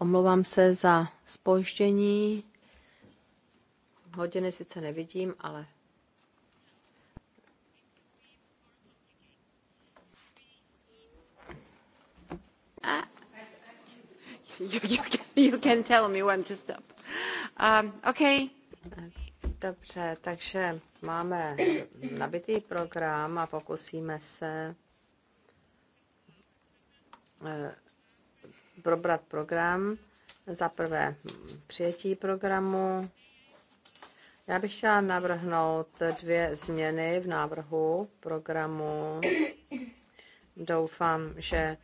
Omlouvám se za spoždění. Hodiny sice nevidím, ale ah. You, you, can, you can tell me when to stop. Um, okay. Dobře, takže máme nabitý program a pokusíme se eh, probrat program. Za prvé přijetí programu. Já bych chtěla navrhnout dvě změny v návrhu programu. Doufám, že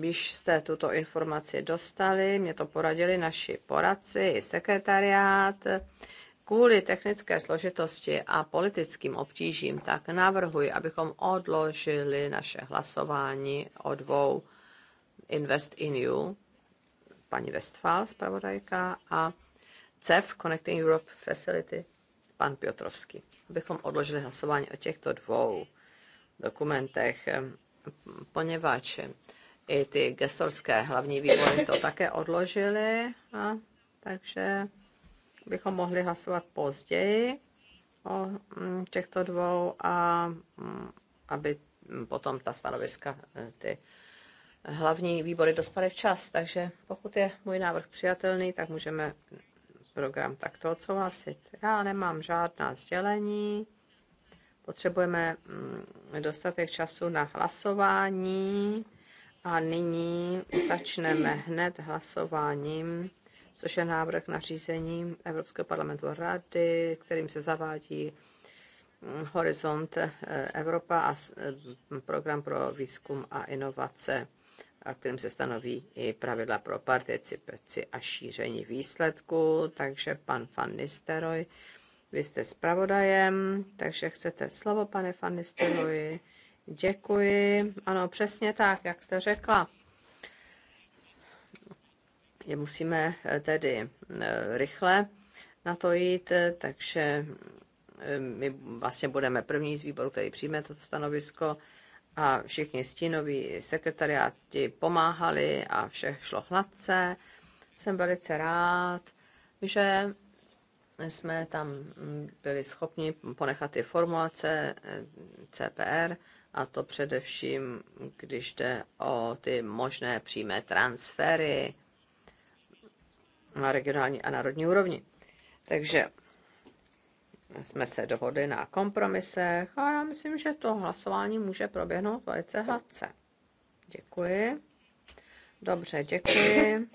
když e, e, jste tuto informaci dostali, mě to poradili naši poradci i sekretariát. Kvůli technické složitosti a politickým obtížím tak navrhuji, abychom odložili naše hlasování o dvou Invest in You, paní Westphal, zpravodajka, a CEF, Connecting Europe Facility, pan Piotrovský. Abychom odložili hlasování o těchto dvou dokumentech, poněvadž i ty gestorské hlavní výbory to také odložili, a, takže bychom mohli hlasovat později o mm, těchto dvou a mm, aby potom ta stanoviska e, ty hlavní výbory dostaly včas, takže pokud je můj návrh přijatelný, tak můžeme program takto odsouhlasit. Já nemám žádná sdělení, potřebujeme mm, dostatek času na hlasování a nyní začneme hned hlasováním, což je návrh na řízení Evropského parlamentu a rady, kterým se zavádí mm, Horizont eh, Evropa a eh, program pro výzkum a inovace a kterým se stanoví i pravidla pro participaci a šíření výsledku. Takže pan Van Nisteroj, vy jste zpravodajem, takže chcete slovo, pane Van Nisteroj. Děkuji. Ano, přesně tak, jak jste řekla. Je musíme eh, tedy eh, rychle na to jít, eh, takže my vlastně budeme první z výboru, který přijme toto stanovisko a všichni stínoví sekretariáti pomáhali a vše šlo hladce. Jsem velice rád, že jsme tam byli schopni ponechat ty formulace eh, CPR, a to především, když jde o ty možné přímé transfery na regionální a národní úrovni. Takže jsme se dohodli na kompromisech a já myslím, že to hlasování může proběhnout velice hladce. Děkuji. Dobře, děkuji.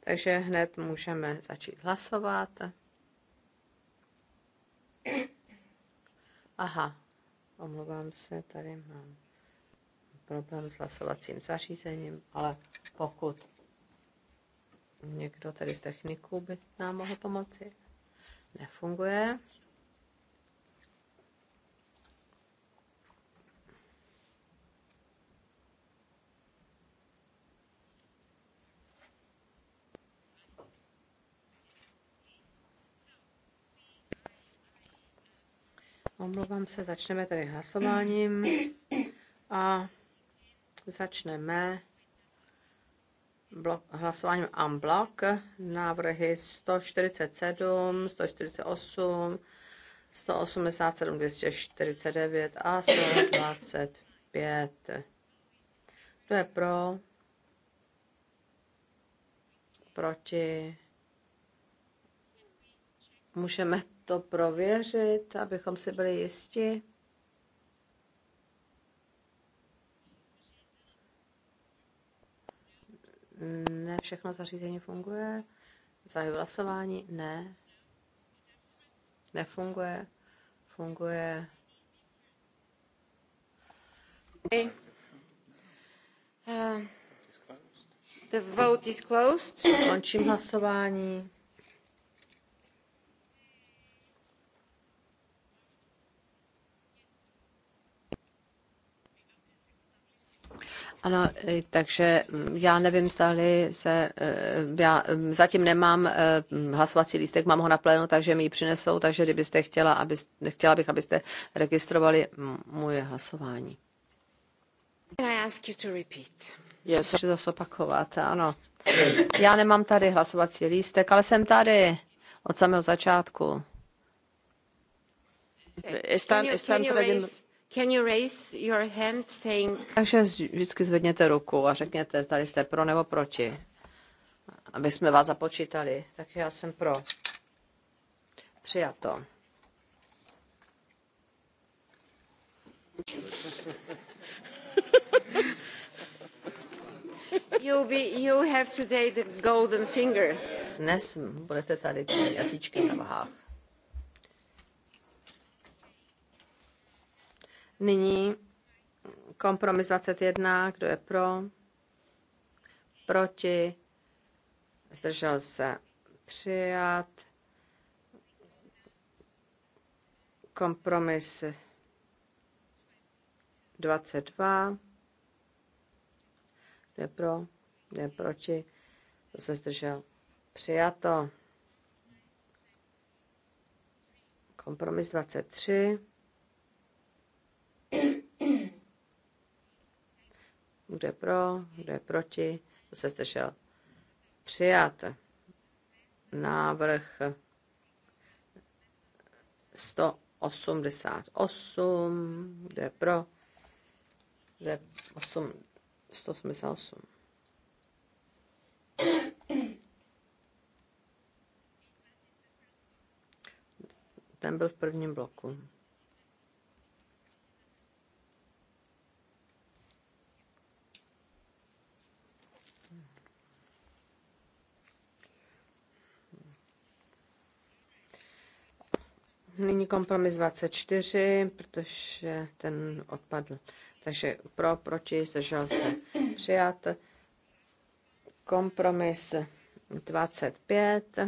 Takže hned můžeme začít hlasovat. Aha, omlouvám se, tady mám problém s hlasovacím zařízením, ale pokud někdo tady z techniků by nám mohl pomoci nefunguje. Omlouvám se, začneme tedy hlasováním a začneme blok, hlasováním unblock návrhy 147, 148, 187, 249 a 125. Kdo je pro? Proti? Můžeme to prověřit, abychom si byli jisti. Ne všechno zařízení funguje. Zahy hlasování. Ne. Nefunguje. Funguje. Okay. Uh, the vote is closed. Končím hlasování. Ano, takže mm, já nevím, zdali se, eh, já mm, zatím nemám eh, hlasovací lístek, mám ho na plénu, takže mi ji přinesou, takže kdybyste chtěla, aby, chtěla bych, abyste registrovali moje hlasování. Can I ask you to repeat? Yes. Můžu to opakovat, ano. Já nemám tady hlasovací lístek, ale jsem tady od samého začátku. Okay. Están, están trayendo... Raise... Can you raise your hand saying... Takže vždycky zvedněte ruku a řekněte, tady jste pro nebo proti. Aby jsme vás započítali. Tak já jsem pro. Přijato. you, be, you have today the golden finger. Dnes budete tady ty jazyčky na vahách. Nyní kompromis 21, kdo je pro, proti, zdržel se přijat. Kompromis 22, kdo je pro, kdo je proti, kdo se zdržel přijato. Kompromis 23. Kdo je pro? Kdo je proti? Kdo se zdržel? Přijat. Návrh 188. Kdo je pro? Kdo je 8, 188. Ten byl v prvním bloku. Nyní kompromis 24, protože ten odpadl. Takže pro, proti, zdržel se přijat. Kompromis 25,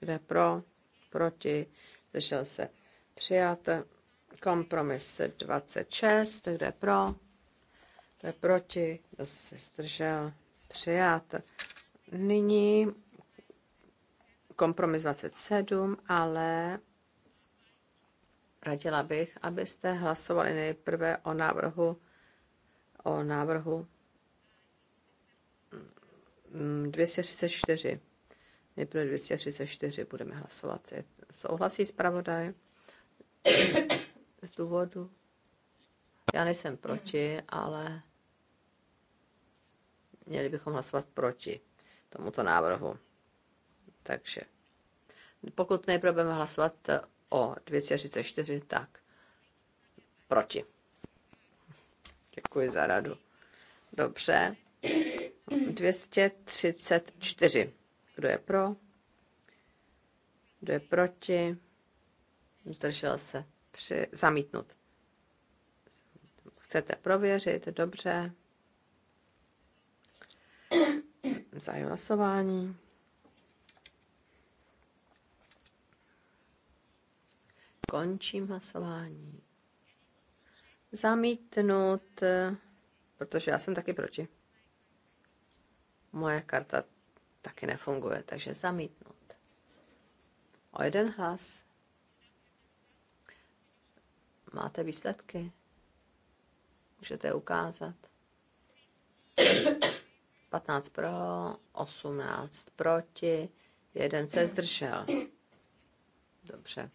kde pro, proti, zdržel se přijat. Kompromis 26, kde pro, kde proti, kdo se zdržel přijat. Nyní kompromis 27, ale radila bych, abyste hlasovali nejprve o návrhu o návrhu 234. Nejprve 234 budeme hlasovat. Souhlasí zpravodaj? Z důvodu? Já nejsem proti, ale měli bychom hlasovat proti tomuto návrhu. Takže pokud nejprve budeme hlasovat o 234, tak proti. Děkuji za radu. Dobře. 234. Kdo je pro? Kdo je proti? Zdržel se. Při... Zamítnut. Chcete prověřit? Dobře. Zahajuji hlasování. Končím hlasování. Zamítnout, protože já jsem taky proti. Moje karta taky nefunguje, takže zamítnout. O jeden hlas. Máte výsledky? Můžete ukázat. 15 pro, 18 proti, jeden se zdržel. Dobře.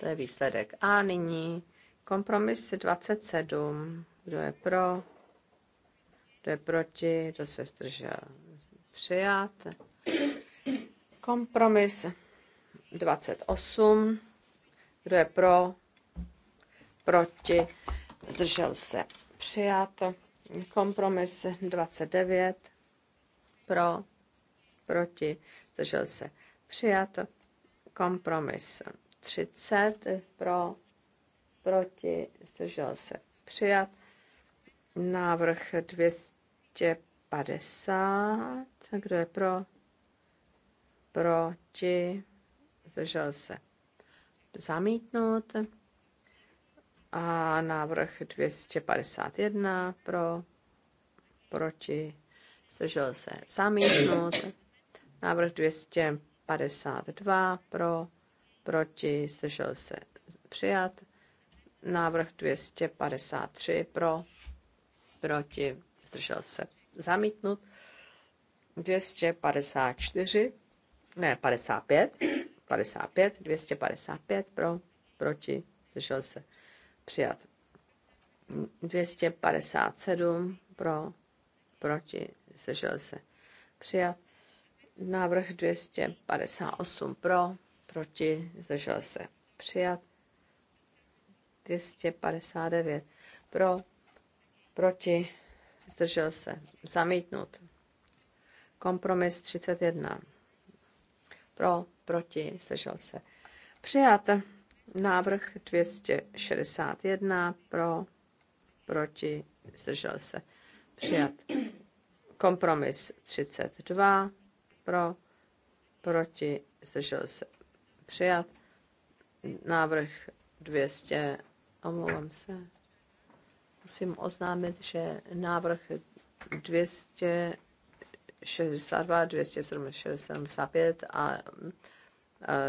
To je výsledek. A nyní kompromis 27. Kdo je pro? Kdo je proti? Kdo se zdržel? Přijat. Kompromis 28. Kdo je pro? Proti? Zdržel se? Přijat. Kompromis 29. Pro? Proti? Zdržel se? Přijat. Kompromis 30 pro, proti, zdržel se přijat. Návrh 250, kdo je pro, proti, zdržel se zamítnout. A návrh 251 pro, proti, zdržel se zamítnout. Návrh 252 pro, proti, zdržel se přijat. Návrh 253 pro, proti, zdržel se zamítnut. 254, ne, 55, 55, 255 pro, proti, zdržel se přijat. 257 pro, proti, zdržel se přijat. Návrh 258 pro, proti, zdržel se přijat. 259 pro, proti, zdržel se zamítnut. Kompromis 31 pro, proti, zdržel se přijat. Návrh 261 pro, proti, zdržel se přijat. Kompromis 32 pro, proti, zdržel se Přijat. Návrh 200. Omlouvám se. Musím oznámit, že návrh 262, 275 a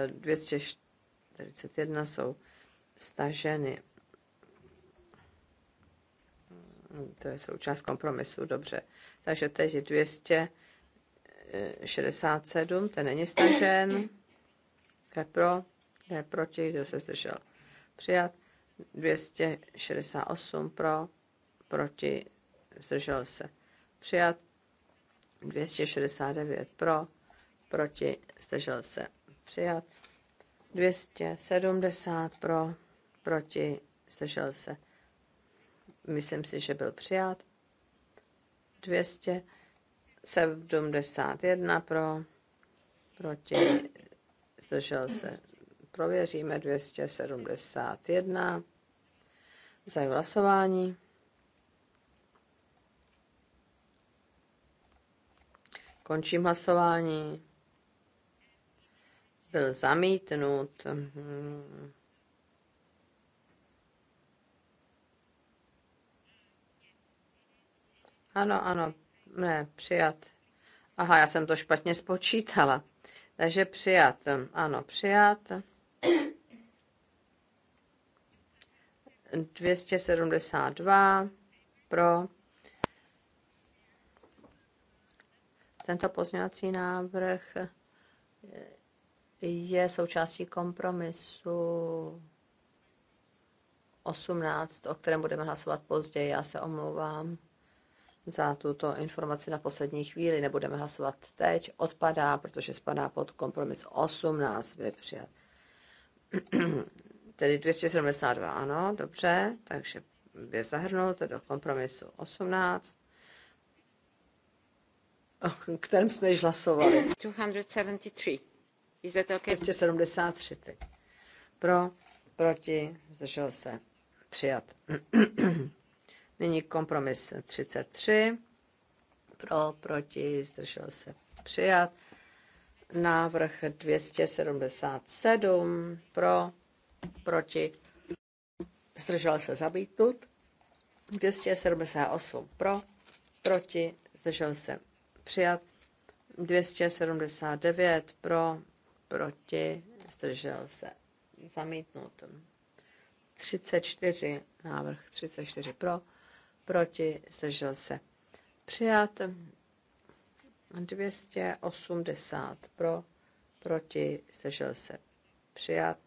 241 jsou staženy. To je součást kompromisu, dobře. Takže teď je 267, ten není stažen je pro, je proti, kdo se zdržel přijat, 268 pro, proti, zdržel se přijat, 269 pro, proti, zdržel se přijat, 270 pro, proti, zdržel se. Myslím si, že byl přijat. 271 pro, proti, zdržel se. Prověříme 271. Za hlasování. Končím hlasování. Byl zamítnut. Ano, ano, ne, přijat. Aha, já jsem to špatně spočítala. Takže přijat. Ano, přijat. 272 pro tento pozměňovací návrh je součástí kompromisu 18, o kterém budeme hlasovat později. Já se omlouvám za tuto informaci na poslední chvíli. Nebudeme hlasovat teď, odpadá, protože spadá pod kompromis 18, byl přijat. Tedy 272, ano, dobře, takže je zahrnuto do kompromisu 18, o kterém jsme již hlasovali. 273. Is that okay? 273 teď. Pro, proti, zdržel se, přijat. Nyní kompromis 33. Pro, proti, zdržel se přijat. Návrh 277. Pro, proti, zdržel se zabítnut. 278 pro, proti, zdržel se přijat. 279 pro, proti, zdržel se zamítnut. 34, návrh 34 pro, proti, zdržel se přijat. 280 pro, proti, zdržel se přijat.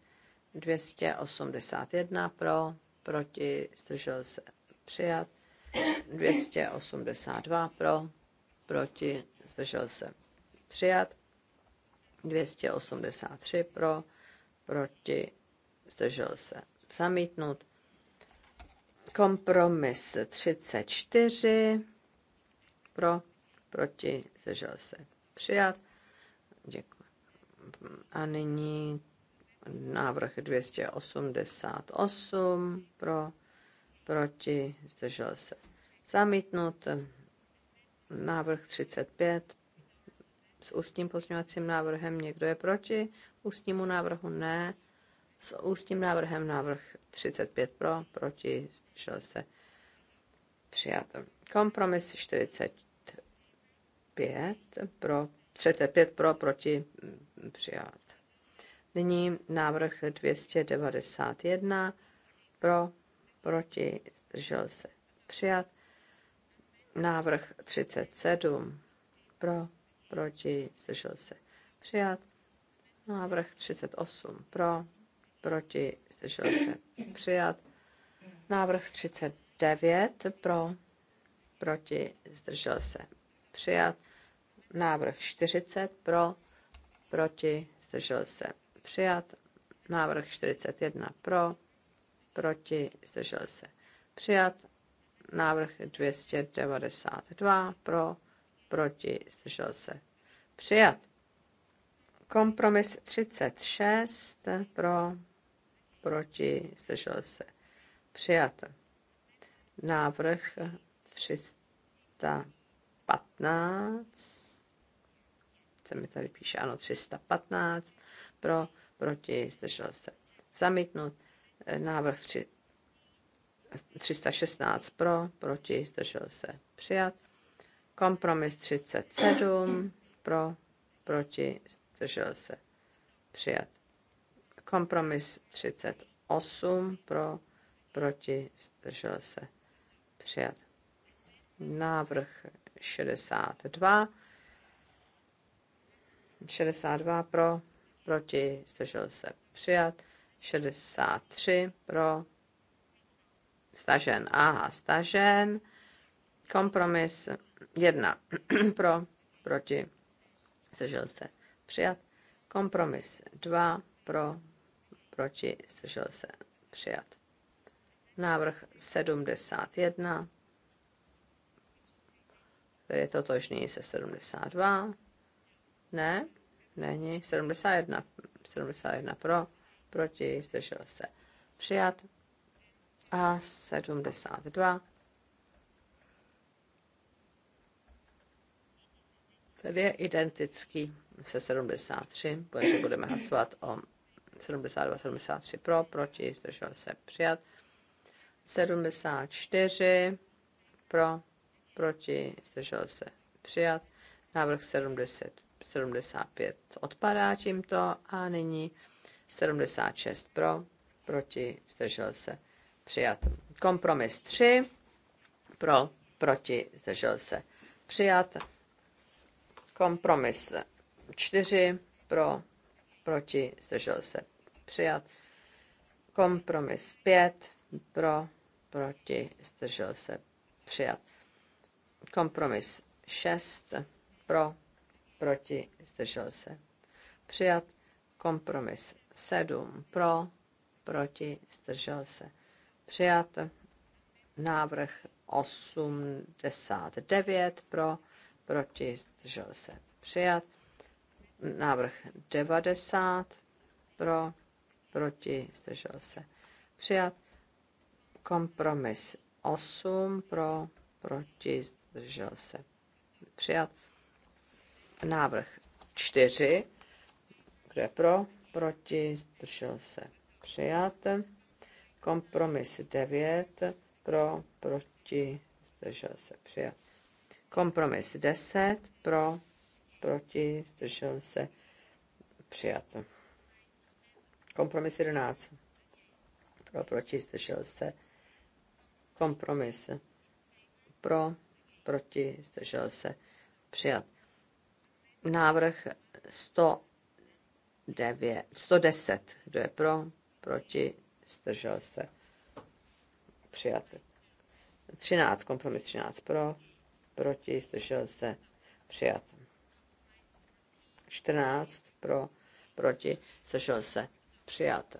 281 pro, proti, zdržel se přijat. 282 pro, proti, zdržel se přijat. 283 pro, proti, zdržel se zamítnut. Kompromis 34 pro, proti, zdržel se přijat. Děkuji. A nyní návrh 288 pro, proti, zdržel se zamítnut. Návrh 35 s ústním pozměňovacím návrhem. Někdo je proti ústnímu návrhu? Ne. S ústním návrhem návrh 35 pro, proti, zdržel se přijato. Kompromis 45 pro, 35 pro, proti, mm, přijat. Nyní návrh 291 pro, proti, zdržel se přijat. Návrh 37 pro, proti, zdržel se přijat. Návrh 38 pro, proti, zdržel se přijat. Návrh 39 pro, proti, zdržel se přijat. Návrh 40 pro, proti, zdržel se přijat. Návrh 41 pro, proti, zdržel se přijat. Návrh 292 pro, proti, zdržel se přijat. Kompromis 36 pro, proti, zdržel se přijat. Návrh 315, se mi tady píše, ano, 315, pro, proti, zdržel se zamítnut. Návrh 3, 316 pro, proti, zdržel se přijat. Kompromis 37 pro, proti, zdržel se přijat. Kompromis 38 pro, proti, zdržel se přijat. Návrh 62. 62 pro, proti, zdržel se přijat. 63 pro, stažen, aha, stažen. Kompromis 1 pro, proti, zdržel se přijat. Kompromis 2 pro, proti, zdržel se, přijat. Návrh 71, který je totožný se 72, ne, není, 71, 71 pro, proti, zdržel se, přijat. A 72, Tady je identický se 73, protože budeme hlasovat o 72, 73 pro, proti, zdržel se přijat. 74 pro, proti, zdržel se přijat. Návrh 70, 75 odpadá tímto a nyní 76 pro, proti, zdržel se přijat. Kompromis 3 pro, proti, zdržel se přijat. Kompromis 4 pro, proti, zdržel se přijat. Kompromis 5 pro, proti, zdržel se přijat. Kompromis 6 pro, proti, zdržel se přijat. Kompromis 7 pro, proti, zdržel se přijat. Návrh 89 pro, proti, zdržel se přijat. Návrh 90 pro, proti, zdržel se přijat. Kompromis 8 pro, proti, zdržel se přijat. Návrh 4, kdo je pro, proti, zdržel se přijat. Kompromis 9 pro, proti, zdržel se přijat. Kompromis 10 pro, proti, zdržel se přijat. Kompromis 11. Pro, proti, zdržel se. Kompromis. Pro, proti, zdržel se. Přijat. Návrh 109, 110. Kdo je pro, proti, zdržel se. Přijat. 13, kompromis 13 pro, proti, zdržel se, přijat. 14 pro, proti, zdržel se, přijat.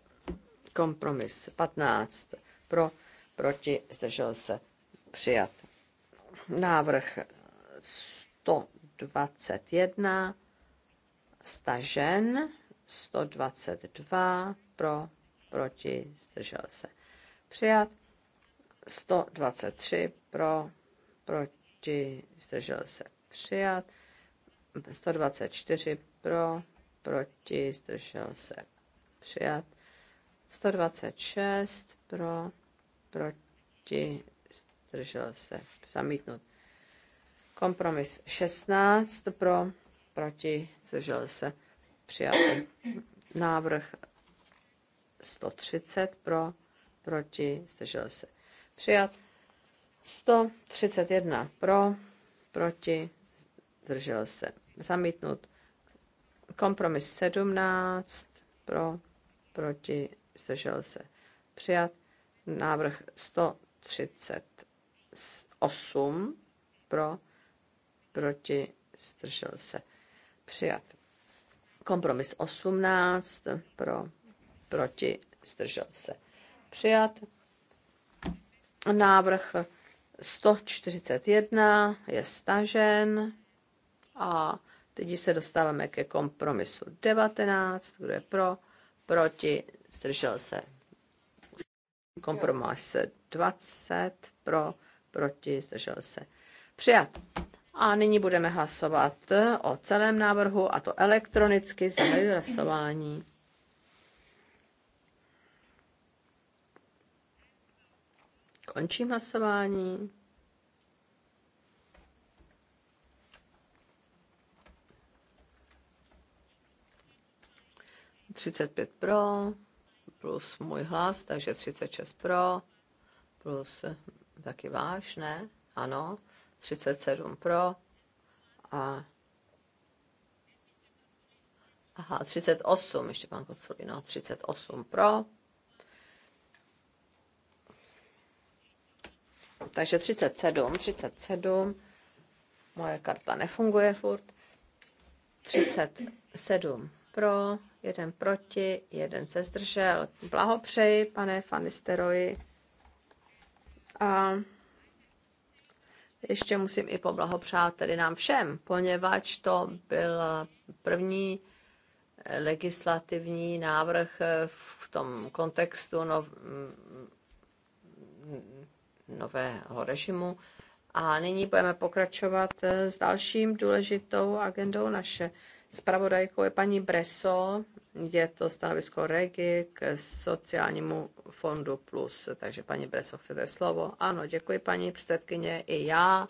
Kompromis 15 pro, proti, zdržel se, přijat. Návrh 121 stažen, 122 pro, proti, zdržel se, přijat. 123 pro, proti, zdržel se, přijat. 124 pro, proti, zdržel se, přijat. 126 pro, proti, zdržel se, zamítnut. Kompromis 16 pro, proti, zdržel se, přijat. Návrh 130 pro, proti, zdržel se, přijat. 131 pro, proti, zdržel se, zamítnut. Kompromis 17 pro, proti, zdržel se přijat. Návrh 138 pro, proti, zdržel se přijat. Kompromis 18 pro, proti, zdržel se přijat. Návrh 141 je stažen a teď se dostáváme ke kompromisu 19, kdo je pro, proti, zdržel se. Kompromis 20 pro, proti, zdržel se. Přijat. A nyní budeme hlasovat o celém návrhu, a to elektronicky zahajuji hlasování. Končím hlasování. 35 pro, plus můj hlas, takže 36 pro, plus eh, taky váš, ne? Ano, 37 pro a Aha, 38, ještě pan Kocolina, no, 38 pro. Takže 37, 37, moje karta nefunguje furt. 37 pro, jeden proti, jeden se zdržel. Blahopřeji, pane Fanisteroji. A ještě musím i poblahopřát tedy nám všem, poněvadž to byl první legislativní návrh v tom kontextu nov, nového režimu. A nyní budeme pokračovat s dalším důležitou agendou naše Spravodajkou je paní Breso, je to stanovisko Regi k sociálnímu fondu plus. Takže paní Breso, chcete slovo? Ano, děkuji paní předsedkyně i já.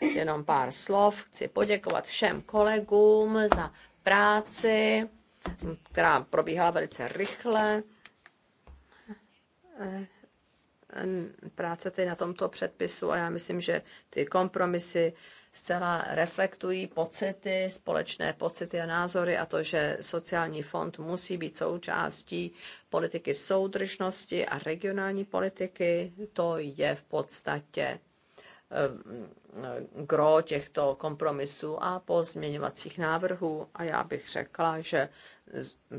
Jenom pár slov. Chci poděkovat všem kolegům za práci, která probíhala velice rychle práce ty na tomto předpisu a já myslím, že ty kompromisy zcela reflektují pocity, společné pocity a názory a to, že sociální fond musí být součástí politiky soudržnosti a regionální politiky, to je v podstatě eh, gro těchto kompromisů a pozměňovacích návrhů. A já bych řekla, že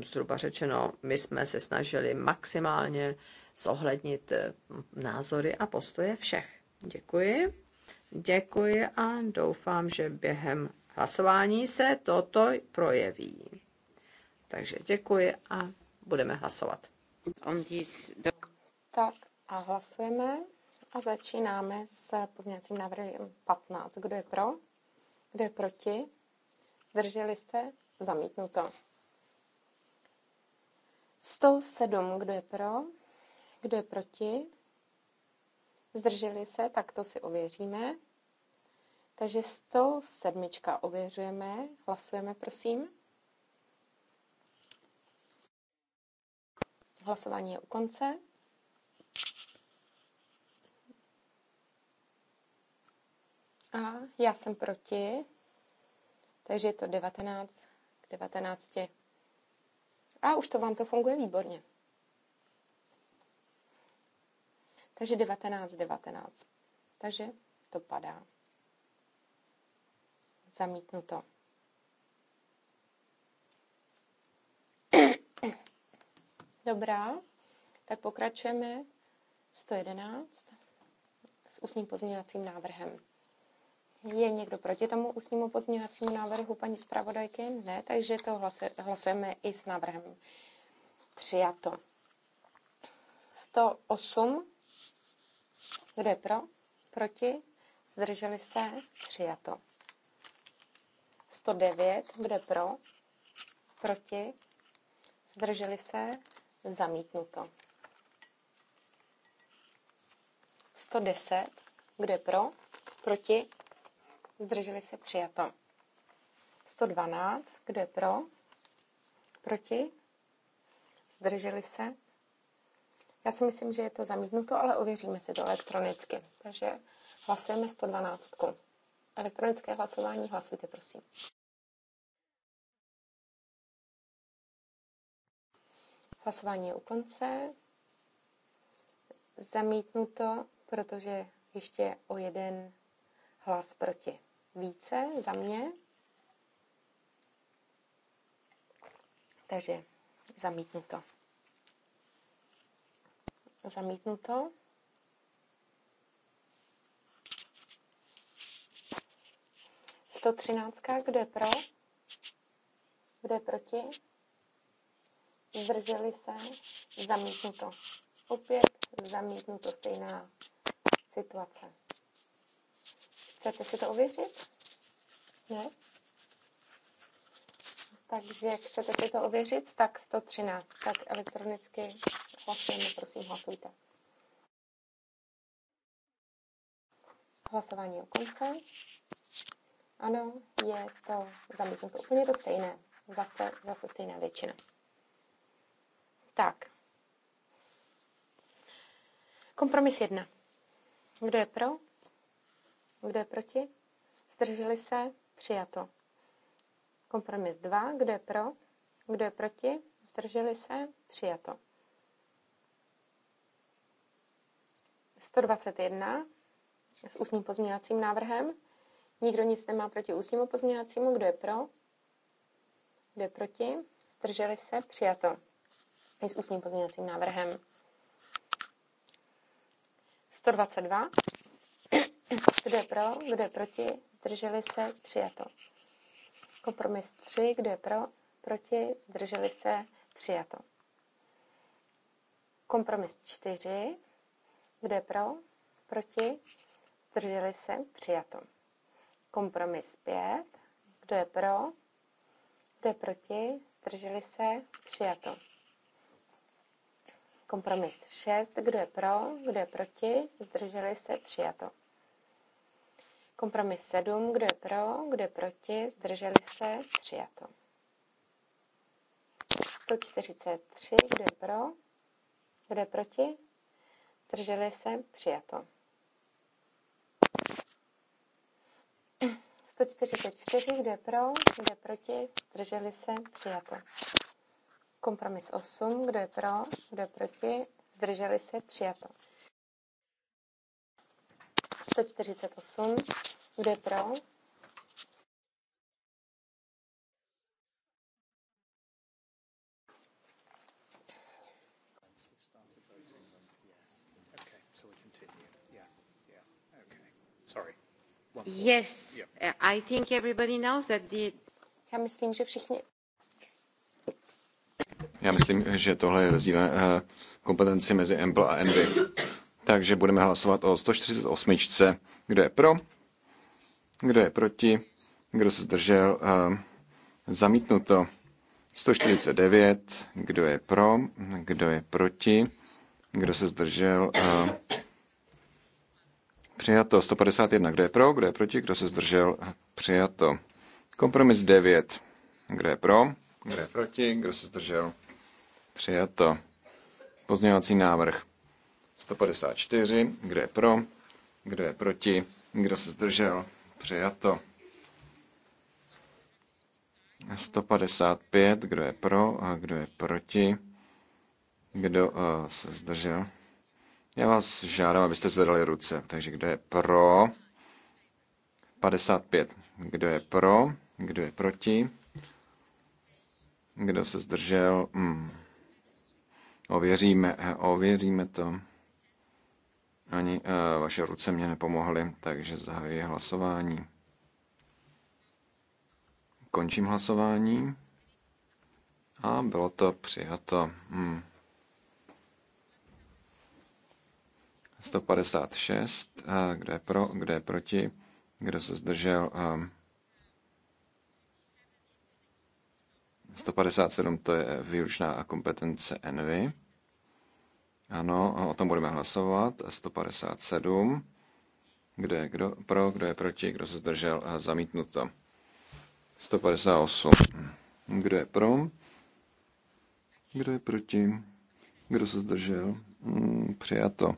zhruba řečeno, my jsme se snažili maximálně zohlednit eh, názory a postoje všech. Děkuji. Děkuji a doufám, že během hlasování se toto projeví. Takže děkuji a budeme hlasovat. Tak a hlasujeme a začínáme s pozměňovacím návrhem 15. Kdo je pro? Kdo je proti? Zdrželi jste? Zamítnuto. 107. Kdo je pro? Kdo je proti? Zdrželi se, tak to si ověříme. Takže 107 ověřujeme, hlasujeme prosím. Hlasování je u konce. A já jsem proti, takže je to 19 k 19. A už to vám to funguje výborně. Takže 19, 19. Takže to padá. Zamítnuto. Dobrá, tak pokračujeme 111 s ústním pozměňovacím návrhem. Je někdo proti tomu ústnímu pozměňovacímu návrhu paní zpravodajky? Ne, takže to hlasujeme i s návrhem. Přijato. 108 kdo je pro? Proti? Zdrželi se? Přijato. 109. Kdo je pro? Proti? Zdrželi se? Zamítnuto. 110. Kdo je pro? Proti? Zdrželi se? Přijato. 112. Kdo je pro? Proti? Zdrželi se? Já si myslím, že je to zamítnuto, ale ověříme si to elektronicky. Takže hlasujeme 112. Elektronické hlasování, hlasujte, prosím. Hlasování je u konce. Zamítnuto, protože ještě o jeden hlas proti. Více za mě. Takže zamítnuto. Zamítnuto. Sto třináctka, kdo je pro? Kdo je proti? Zdrželi se? Zamítnuto. Opět zamítnuto stejná situace. Chcete si to ověřit? Ne? Takže chcete si to ověřit? Tak 113, tak elektronicky Hlasujeme, prosím, hlasujte. Hlasování u konce. Ano, je to zamítnuto úplně to stejné. Zase, zase stejná většina. Tak. Kompromis jedna. Kdo je pro? Kdo je proti? Zdrželi se? Přijato. Kompromis 2. Kdo je pro? Kdo je proti? Zdrželi se? Přijato. 121 s ústním pozměňovacím návrhem. Nikdo nic nemá proti ústnímu pozměňovacímu. Kdo je pro? Kdo je proti? Zdrželi se? Přijato. I s ústním pozměňovacím návrhem. 122. Kdo je pro? Kdo je proti? Zdrželi se? Přijato. Kompromis 3. Kdo je pro? Proti? Zdrželi se? Přijato. Kompromis 4. Kdo je pro? Proti? Zdrželi se? Přijato. Kompromis 5. Kdo je pro? Kdo je proti? Zdrželi se? Přijato. Kompromis 6. Kdo je pro? Kdo je proti? Zdrželi se? Přijato. Kompromis 7. Kdo je pro? Kdo je proti? Zdrželi se? Přijato. 143. Kdo je pro? Kdo je proti? Zdrželi se? Přijato. 144, kdo je pro, kdo je proti, zdrželi se, přijato. Kompromis 8, kdo je pro, kdo je proti, zdrželi se, přijato. 148, kdo je pro, Yes, I think everybody knows that the... Já myslím, že všichni... Já myslím, že tohle je rozdíl eh, kompetenci mezi Ample a Envy. Takže budeme hlasovat o 148. Kdo je pro? Kdo je proti? Kdo se zdržel? Eh, zamítnuto. 149. Kdo je pro? Kdo je proti? Kdo se zdržel? Eh, Přijato 151. Kdo je pro? Kdo je proti? Kdo se zdržel? Přijato. Kompromis 9. Kdo je pro? Kdo je proti? Kdo se zdržel? Přijato. Pozměňovací návrh 154. Kdo je pro? Kdo je proti? Kdo se zdržel? Přijato. 155. Kdo je pro a kdo je proti? Kdo uh, se zdržel? Já vás žádám, abyste zvedali ruce. Takže kdo je pro? 55. Kdo je pro? Kdo je proti? Kdo se zdržel? Hmm. Ověříme, eh, ověříme to. Ani uh, vaše ruce mě nepomohly, takže zahajuji hlasování. Končím hlasování. A bylo to přijato. Hmm. 156, kde je pro, kde je proti, kdo se zdržel. 157 to je výlučná kompetence Envy. Ano, o tom budeme hlasovat. 157, kde je kdo pro, kdo je proti, kdo se zdržel, zamítnuto. 158, kdo je pro, kdo je proti, kdo se zdržel, mm, přijato.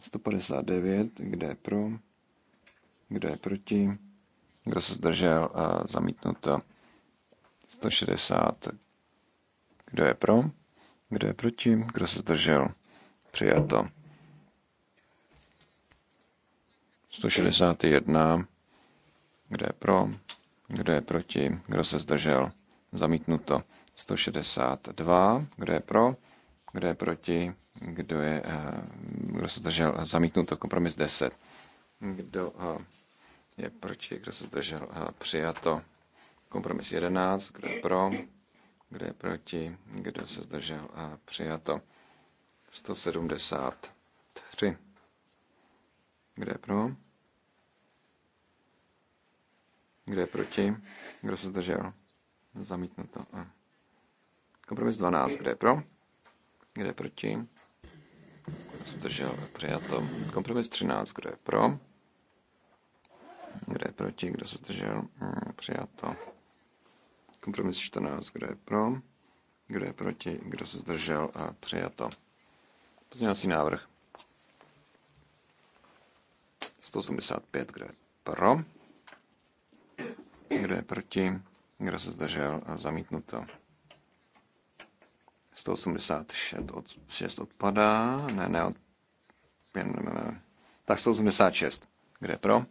159, kde je pro, kdo je proti, kdo se zdržel, zamítnuto 160, kdo je pro, kdo je proti, kdo se zdržel, přijato 161, kdo je pro, kdo je proti, kdo se zdržel, zamítnuto 162, kdo je pro, kdo je proti? Kdo, je, eh, kdo se zdržel? to Kompromis 10. Kdo eh, je proti? Kdo se zdržel? Eh, přijato. Kompromis 11. Kdo je pro? Kdo je proti? Kdo se zdržel? Přijato. 173. Kdo je pro? Kdo je proti? Kdo se zdržel? to. Kompromis 12. Kdo je pro? Kdo je proti? Zdržel přijato. Kompromis 13. Kdo je pro? Kdo je proti? Kdo se zdržel? Mm, přijato. Kompromis 14. Kdo je pro? Kdo je proti? Kdo se zdržel? A přijato. Pozměňovací návrh. 185. Kdo je pro? Kdo je proti? Kdo se zdržel? A zamítnuto. 186 od, 6 odpadá. Ne, ne, od, ne, ne, ne. Tak 186. Kde je pro?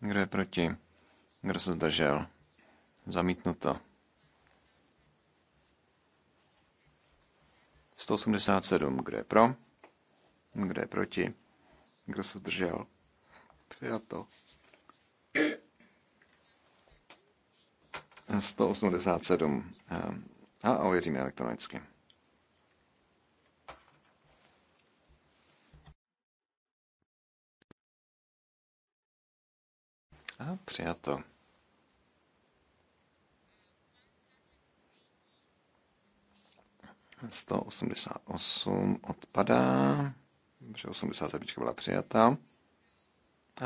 Kdo je proti? Kdo se zdržel? Zamítnuto. 187. Kdo je pro? Kdo je proti? Kdo se zdržel? Přijato. 187 a ověříme elektronicky. A přijato. Sto osmdesát osm odpadá, protože osmdesát sedmička byla přijata.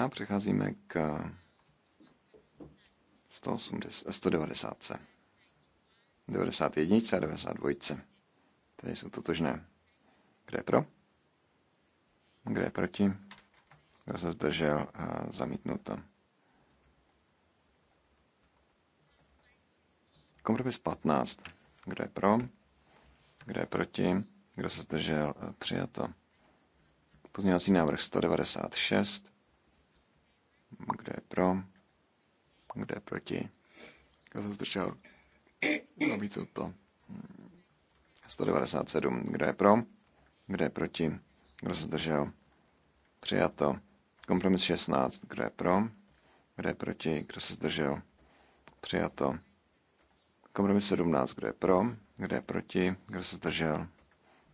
A přecházíme k 180, 190. 91 a 92. Tady jsou totožné. Kdo je pro? Kdo je proti? Kdo se zdržel? A zamítnuto. Kompromis 15. Kdo je pro? Kdo je proti? Kdo se zdržel? Přijato. Pozměňovací návrh 196. Kdo je pro? Kdo je proti? Kdo se zdržel? to. 197. Hmm. Kdo je pro? Kdo je proti? Kdo se zdržel? Přijato. Kompromis 16. Kdo je pro? Kdo je proti? Kdo se zdržel? Přijato. Kompromis 17. Kdo je pro? Kdo je proti? Kdo se zdržel?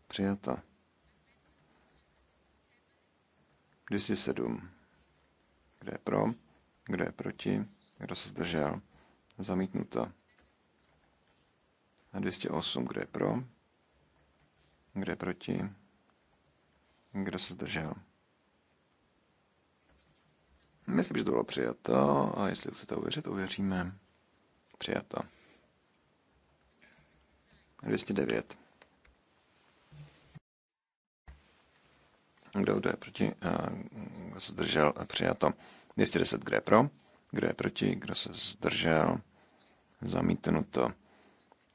Přijato. 207. Kdo je pro? Kdo je proti? Kdo se zdržel? Zamítnuto na 208, kdo je pro? Kdo je proti? Kdo se zdržel? Myslím, že to bylo přijato a jestli se to uvěřit, uvěříme. Přijato. 209. Kdo, kdo je proti? Kdo se zdržel? Přijato. 210, kdo je pro? Kdo je proti? Kdo se zdržel? Zamítnuto.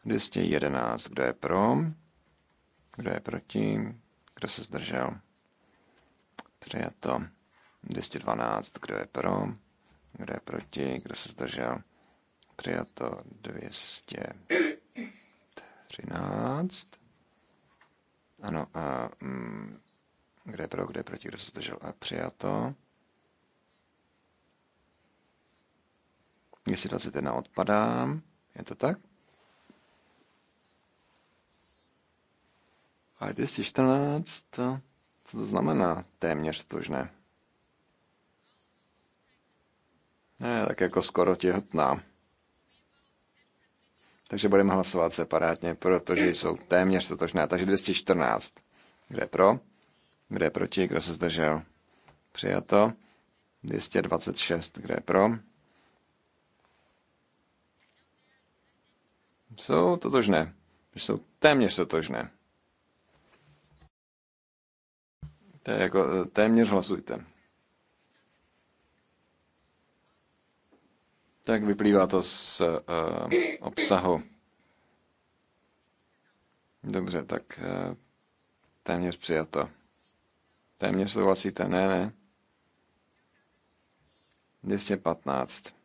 211. Kdo je pro? Kdo je proti? Kdo se zdržel? Přijato. 212. Kdo je pro? Kdo je proti? Kdo se zdržel? Přijato. 213. Ano. A, mm, kde je pro? kde je proti? Kdo se zdržel? A přijato. 221 odpadám? Je to tak? A 214, co to znamená téměř tožné? Ne, tak jako skoro těhotná. Takže budeme hlasovat separátně, protože jsou téměř totožné. Takže 214. Kde pro? Kde proti? Kdo se zdržel? Přijato. 226. Kde pro? Jsou totožné. Jsou téměř totožné. To je jako eh, téměř hlasujte. Tak vyplývá to z uh, obsahu. Dobře, tak uh, téměř přijato. Téměř souhlasíte? Ne, ne. 215.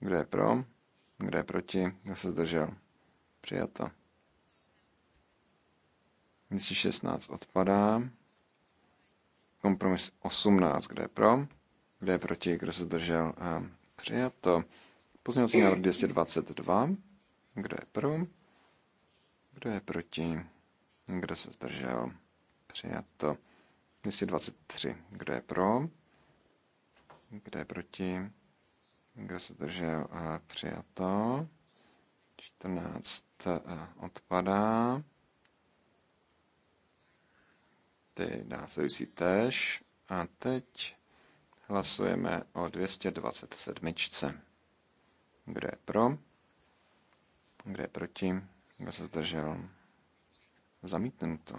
Kdo je pro? Kdo je proti? Kdo se zdržel? Přijato. 16 odpadá. Kompromis 18, kde je pro, kde je proti, kdo se zdržel a přijato. Pozměňovací návrh 222, kde je pro, kdo je proti, kdo se zdržel, přijato. 223, kdo je pro, kdo je proti, kdo se zdržel a přijato. 14 odpadá ty následující též. A teď hlasujeme o 227. Kdo je pro? Kdo je proti? Kdo se zdržel? Zamítnu to.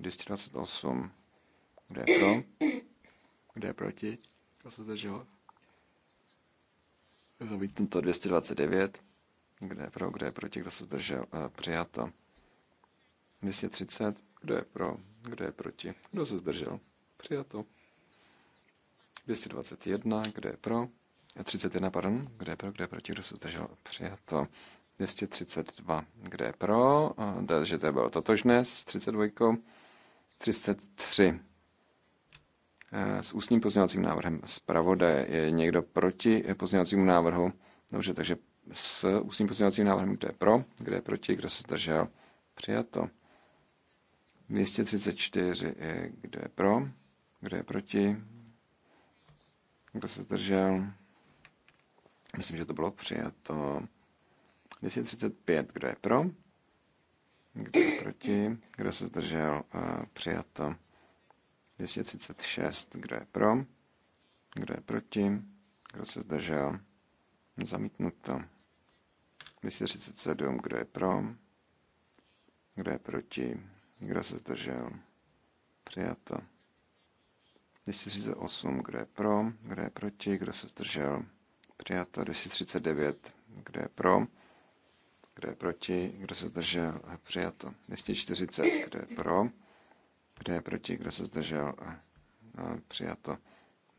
228. Kdo je pro? Kdo je proti? Kdo se zdržel? Zamítnu to. 229. Kdo je pro? Kdo je proti? Kdo se zdržel? Eh, přijato. 230. Kdo je pro? Kdo je proti? Kdo se zdržel? Přijato. 221, kdo je pro? 31, eh, pardon, kdo je pro, kdo je proti, kdo se zdržel? Přijato. 232, kde je pro, eh, takže to bylo totožné s 32, 33. Eh, s ústním pozměňovacím návrhem zpravodaje je někdo proti pozměňovacímu návrhu? Dobře, takže s ústním pozměňovacím návrhem, kdo je pro, kde je proti, kdo se zdržel? Přijato. 234, kdo je pro, kdo je proti, kdo se zdržel. Myslím, že to bylo přijato. 235, kdo je pro, kdo je proti, kdo se zdržel, eh, přijato. 236, kdo je pro, kdo je proti, kdo se zdržel, zamítnuto. 237, kdo je pro, kdo je proti, kdo se zdržel? Přijato. 238, kdo je pro, kdo je proti, kdo se zdržel? Přijato. 239, kdo je pro, kdo je proti, kdo se zdržel? Přijato. 240, kdo je pro, kdo je proti, kdo se zdržel? Přijato.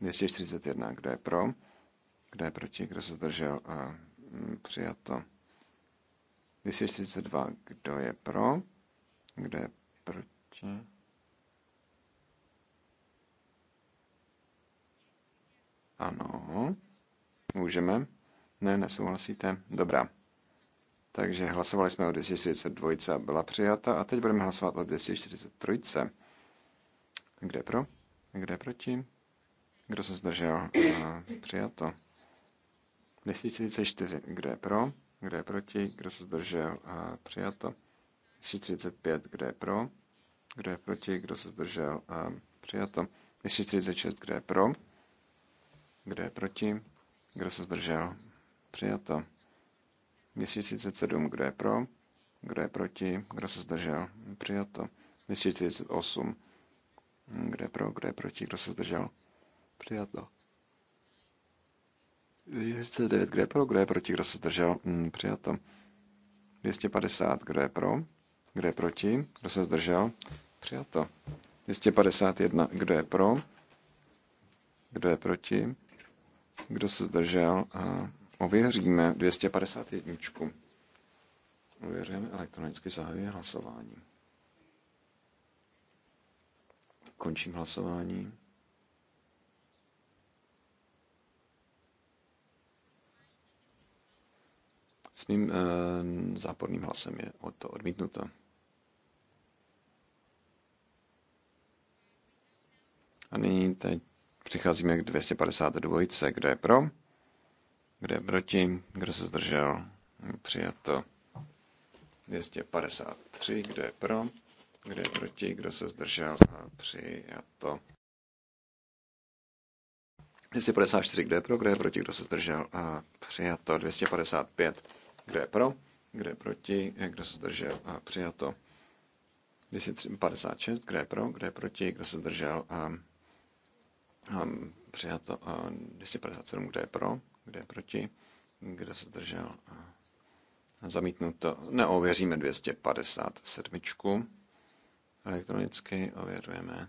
241, kdo je pro, kdo je proti, kdo se zdržel? Přijato. 242, kdo je pro, kdo je proti? Ano. Můžeme? Ne, nesouhlasíte? Dobrá. Takže hlasovali jsme o 242 a byla přijata a teď budeme hlasovat o 243. Kde pro? Kde proti? Kdo se zdržel? A přijato. 244. Kde pro? Kde proti? Kdo se zdržel? A přijato. 235. Kde pro? kdo je proti, kdo se zdržel, přijato. 246, kdo je pro, kdo je proti, kdo se zdržel, přijato. 237, kdo je pro, kdo je proti, kdo se zdržel, přijato. 238, kdo je pro, kdo je proti, kdo se zdržel, přijato. 209, kdo je pro, kdo je proti, kdo se zdržel, přijato. 250, kdo je pro, kdo je proti, kdo se zdržel, Přijato. 251. Kdo je pro? Kdo je proti? Kdo se zdržel? A ověříme 251. Ověříme elektronicky zahajuje hlasování. Končím hlasování. S mým e, záporným hlasem je o to odmítnuto. teď přicházíme k 252. Kdo je pro? Kdo je proti? Kdo se zdržel? Přijato. 253. Kdo je pro? Kdo je proti? Kdo se zdržel? Přijato. 254, kdo je pro, kdo je proti, kdo se zdržel, a přijato. 255, kdo je pro, kdo je proti, kdo se zdržel, a přijato. 256, kdo je pro, kdo je proti, kdo se zdržel, a Ehm, přijato 257, ehm, kde je pro, kde je proti, kde se držel. Eh, zamítnuto. Neověříme 257. Elektronicky ověřujeme.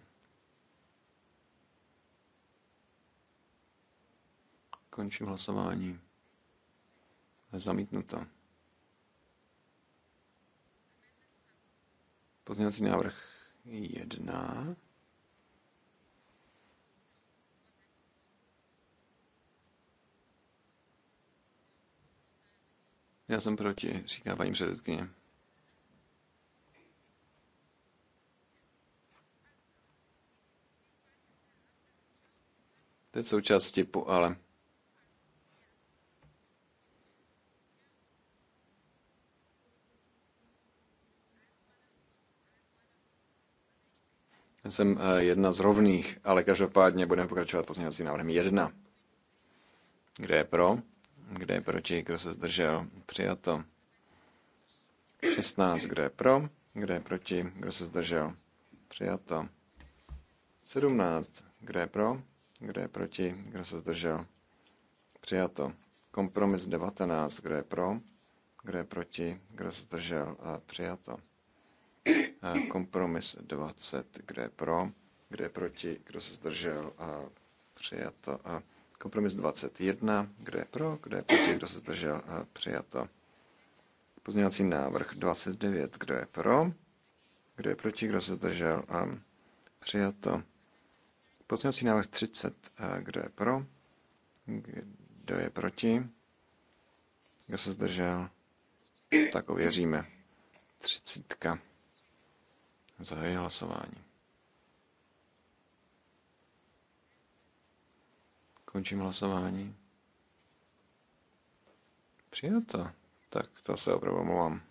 Končím hlasování. Zamítnuto. Pozměňovací návrh 1. Já jsem proti, říká paní předsedkyně. To je součást typu, ale... jsem eh, jedna z rovných, ale každopádně budeme pokračovat pozměňovacím návrhem 1. Kde je pro? Kde je proti? Kdo se zdržel? Přijato. 16. Kdo je pro? Kdo je proti? Kdo se zdržel? Přijato. 17. Kdo je pro? Kdo je proti? Kdo se zdržel? Přijato. Kompromis 19. Kdo je pro? Kdo je proti? Kdo se zdržel? A přijato. A kompromis 20. Kdo je pro? Kdo je proti? Kdo se zdržel? A přijato. A Kompromis 21. Kdo je pro? Kdo je proti? Kdo se zdržel? Eh, přijato. Pozměňovací návrh 29. Kdo je pro? Kdo je proti? Kdo se zdržel? Eh, přijato. Pozměňovací návrh 30. Eh, kdo je pro? Kdo je proti? Kdo se zdržel? Tak ověříme. 30. Zahajuji hlasování. Končím hlasování. Přijato. Tak to se opravdu omlouvám.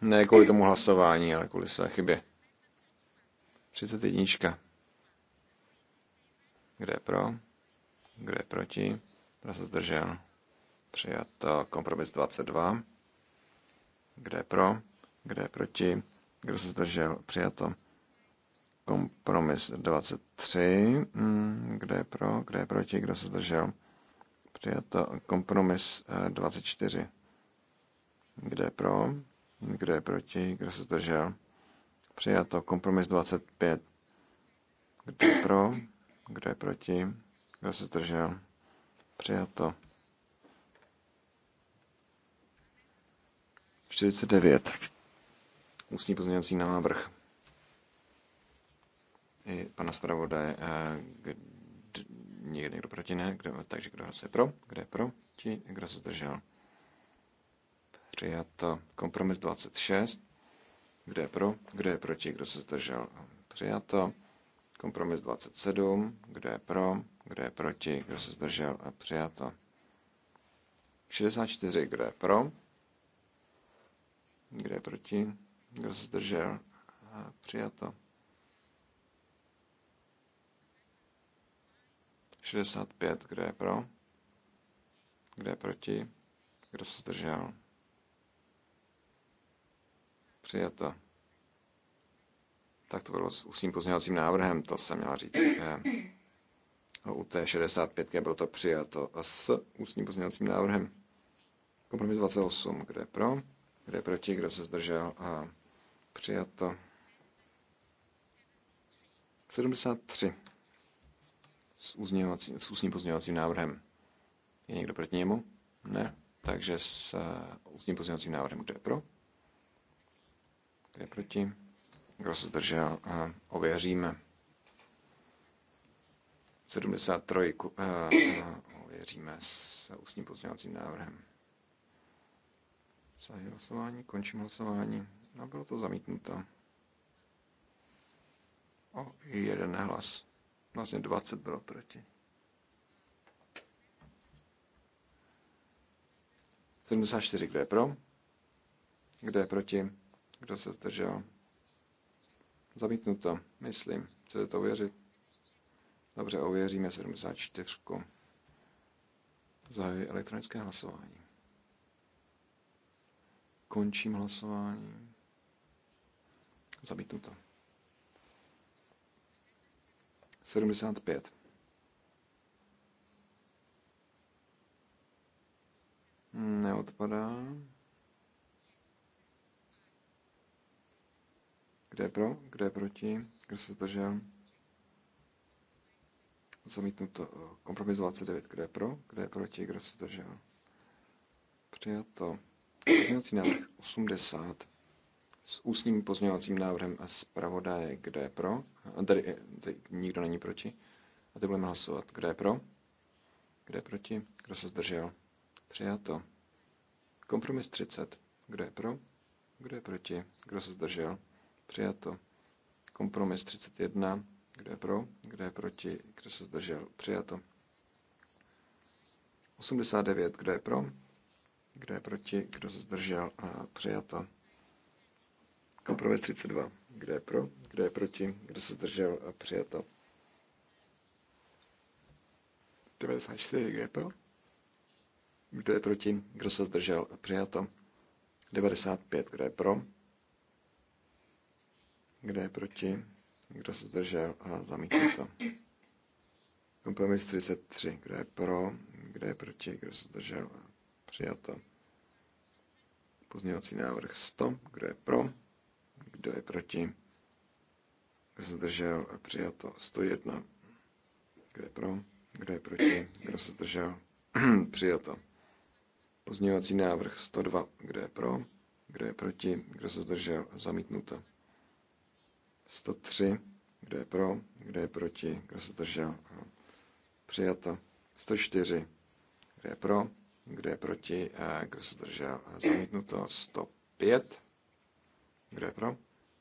Ne kvůli tomu hlasování, ale kvůli své chybě. 31. Kde je pro? Kde je proti? Kdo se zdržel? Přijato. Kompromis 22. Kde je pro? Kde je proti? Kdo se zdržel? Přijato. Kompromis 23. Kde je pro, kde je proti, kdo se zdržel? Přijato. Kompromis 24. Kde je pro, kde je proti, kdo se zdržel? Přijato. Kompromis 25. kde je pro, kdo je proti, kdo se zdržel? Přijato. 49. Eh, Ústní pozměňovací návrh i pana zpravodaje, někde eh, někdo proti ne, kdo, takže kdo hlasuje pro, kdo je proti, kdo se zdržel. Přijato. Kompromis 26. Kdo je pro, kdo je proti, kdo se zdržel. Přijato. Kompromis 27. Kdo je pro, kdo je proti, kdo se zdržel a přijato. 64. Kdo je pro, kdo je proti, kdo se zdržel a přijato. 65. Kdo je pro? Kdo je proti? Kdo se zdržel? Přijato. Tak to bylo s ústním pozměňovacím návrhem, to jsem měla říct. U té 65 bylo to přijato a s ústním pozměňovacím návrhem. Kompromis 28, kde je pro, kde je proti, kdo se zdržel a přijato. 73 s, s ústním pozměňovacím návrhem. Je někdo proti němu? Ne. Takže s eh, ústním pozměňovacím návrhem, kdo je pro? Kdo je proti? Kdo se zdržel? Ověříme. 73. Eh, ověříme s ústním pozměňovacím návrhem. Zahy hlasování, končím hlasování. No, bylo to zamítnuto. O jeden hlas. Vlastně 20 bylo proti. 74, kdo je pro? Kdo je proti? Kdo se zdržel? Zamítnuto, myslím. Chcete to ověřit? Dobře, ověříme 74. Zahajuji elektronické hlasování. Končím hlasování. Zamítnuto. 75. Neodpadá. Kde je pro? Kde je proti? Kdo se zdržel? Zamítnuto. Kompromis 29. Kde je pro? Kde je proti? Kdo se zdržel? Přijato. Pozměňovací návrh 80 s ústním pozměňovacím návrhem a zpravodaje, kde je pro. A tady, eh, tady nikdo není proti. A teď budeme hlasovat, kde je pro, kde je proti, kdo se zdržel. Přijato. Kompromis 30. Kdo je pro? Kdo je proti? Kdo se zdržel? Přijato. Kompromis 31. Kdo je pro? Kdo je proti? Kdo se zdržel? Přijato. 89. Kdo je pro? Kdo je proti? Kdo se zdržel? A přijato. Kompromis 32. Kdo je pro? Kdo je proti? Kdo se zdržel? A přijato. 94. Kdo je pro? Kdo je proti? Kdo se zdržel? A přijato. 95. Kdo je pro? Kdo je proti? Kdo se zdržel? A zamítnuto. Kompromis 33. Kdo je pro? Kdo je proti? Kdo se zdržel? A přijato. Pozměňovací návrh 100. Kdo je pro? Kdo je proti? Kdo se zdržel? Přijato 101. Kdo je pro? Kdo je proti? Kdo se zdržel? Přijato. Pozměňovací návrh 102. Kdo je pro? Kdo je proti? Kdo se zdržel? Zamítnuto. 103. Kdo je pro? Kdo je proti? Kdo se zdržel? Přijato. 104. Kdo je pro? Kdo je proti? Kdo se zdržel? Zamítnuto. 105. Kdo je pro?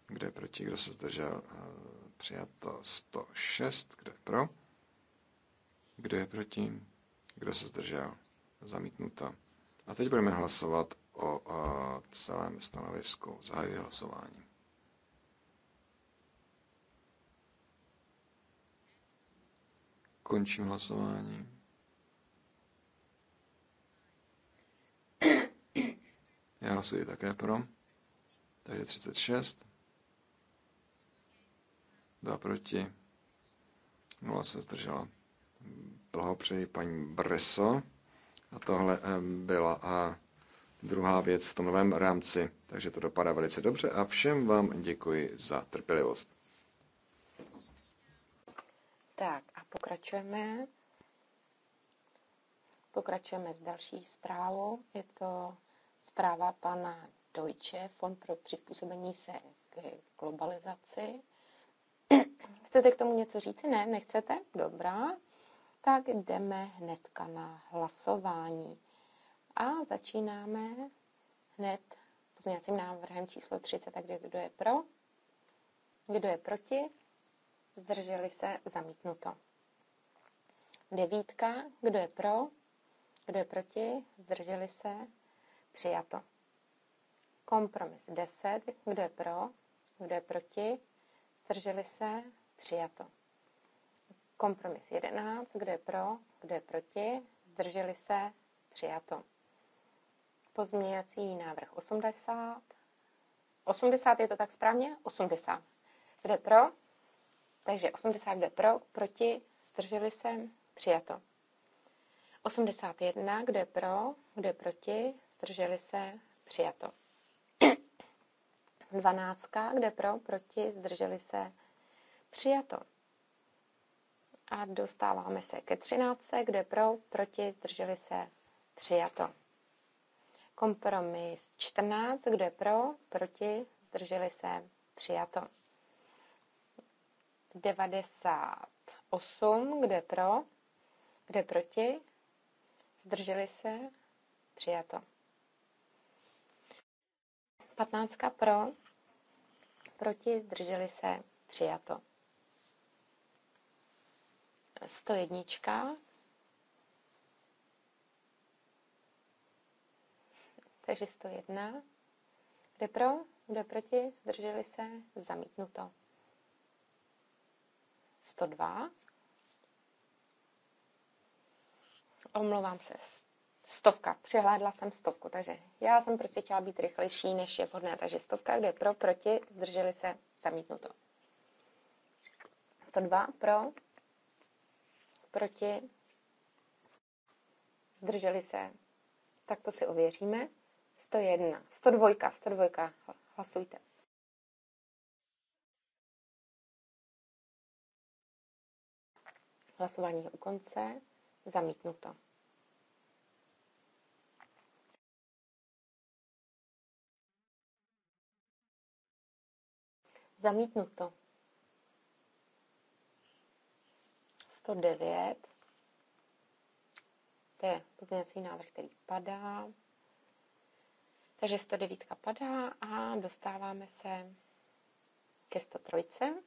Kdo je proti? Kdo se zdržel? Eh, přijato 106. Kdo je pro? Kdo je proti? Kdo se zdržel? Zamítnuto. A teď budeme hlasovat o, o eh, celém stanovisku. Zahajuji hlasování. Končím hlasování. Já hlasuji také pro. Takže 36. 2 proti. 0 se zdržela. Blahopřeji paní Breso. A tohle eh, byla a eh, druhá věc v tom novém rámci. Takže to dopadá velice dobře a všem vám děkuji za trpělivost. Tak a pokračujeme. Pokračujeme s další zprávou. Je to zpráva pana Deutsche Fond pro přizpůsobení se k globalizaci. Chcete k tomu něco říci? Ne, nechcete? Dobrá. Tak jdeme hnedka na hlasování. A začínáme hned pozměňovacím návrhem číslo 30. Takže kdo je pro? Kdo je proti? Zdrželi se zamítnuto. Devítka. Kdo je pro? Kdo je proti? Zdrželi se? Přijato. Kompromis 10. Kdo je pro? Kdo je proti? Zdrželi se? Přijato. Kompromis 11. Kdo je pro? Kdo je proti? Zdrželi se? Přijato. Pozměňovací návrh 80. 80 je to tak správně? 80. Kdo je pro? Takže 80 kdo je pro? Proti? Zdrželi se? Přijato. 81. Kdo je pro? Kdo je proti? Zdrželi se? Přijato. Dvanáctka, kde pro, proti, zdrželi se, přijato. A dostáváme se ke třináctce, kde pro, proti, zdrželi se, přijato. Kompromis 14, kde pro, proti, zdrželi se, přijato. 98, kde pro, kde proti, zdrželi se, přijato. 15 pro, proti, zdrželi se, přijato. 101. Takže 101. Kde pro, kde proti, zdrželi se, zamítnuto. 102. Omlouvám se, stovka. Přihlédla jsem stovku, takže já jsem prostě chtěla být rychlejší, než je vhodné. Takže stovka, kde pro, proti, zdrželi se, zamítnuto. 102 pro, proti, zdrželi se, tak to si ověříme. 101, 102, 102, hlasujte. Hlasování u konce, zamítnuto. Zamítnuto. 109. To je pozměňovací návrh, který padá. Takže 109 padá a dostáváme se ke 103.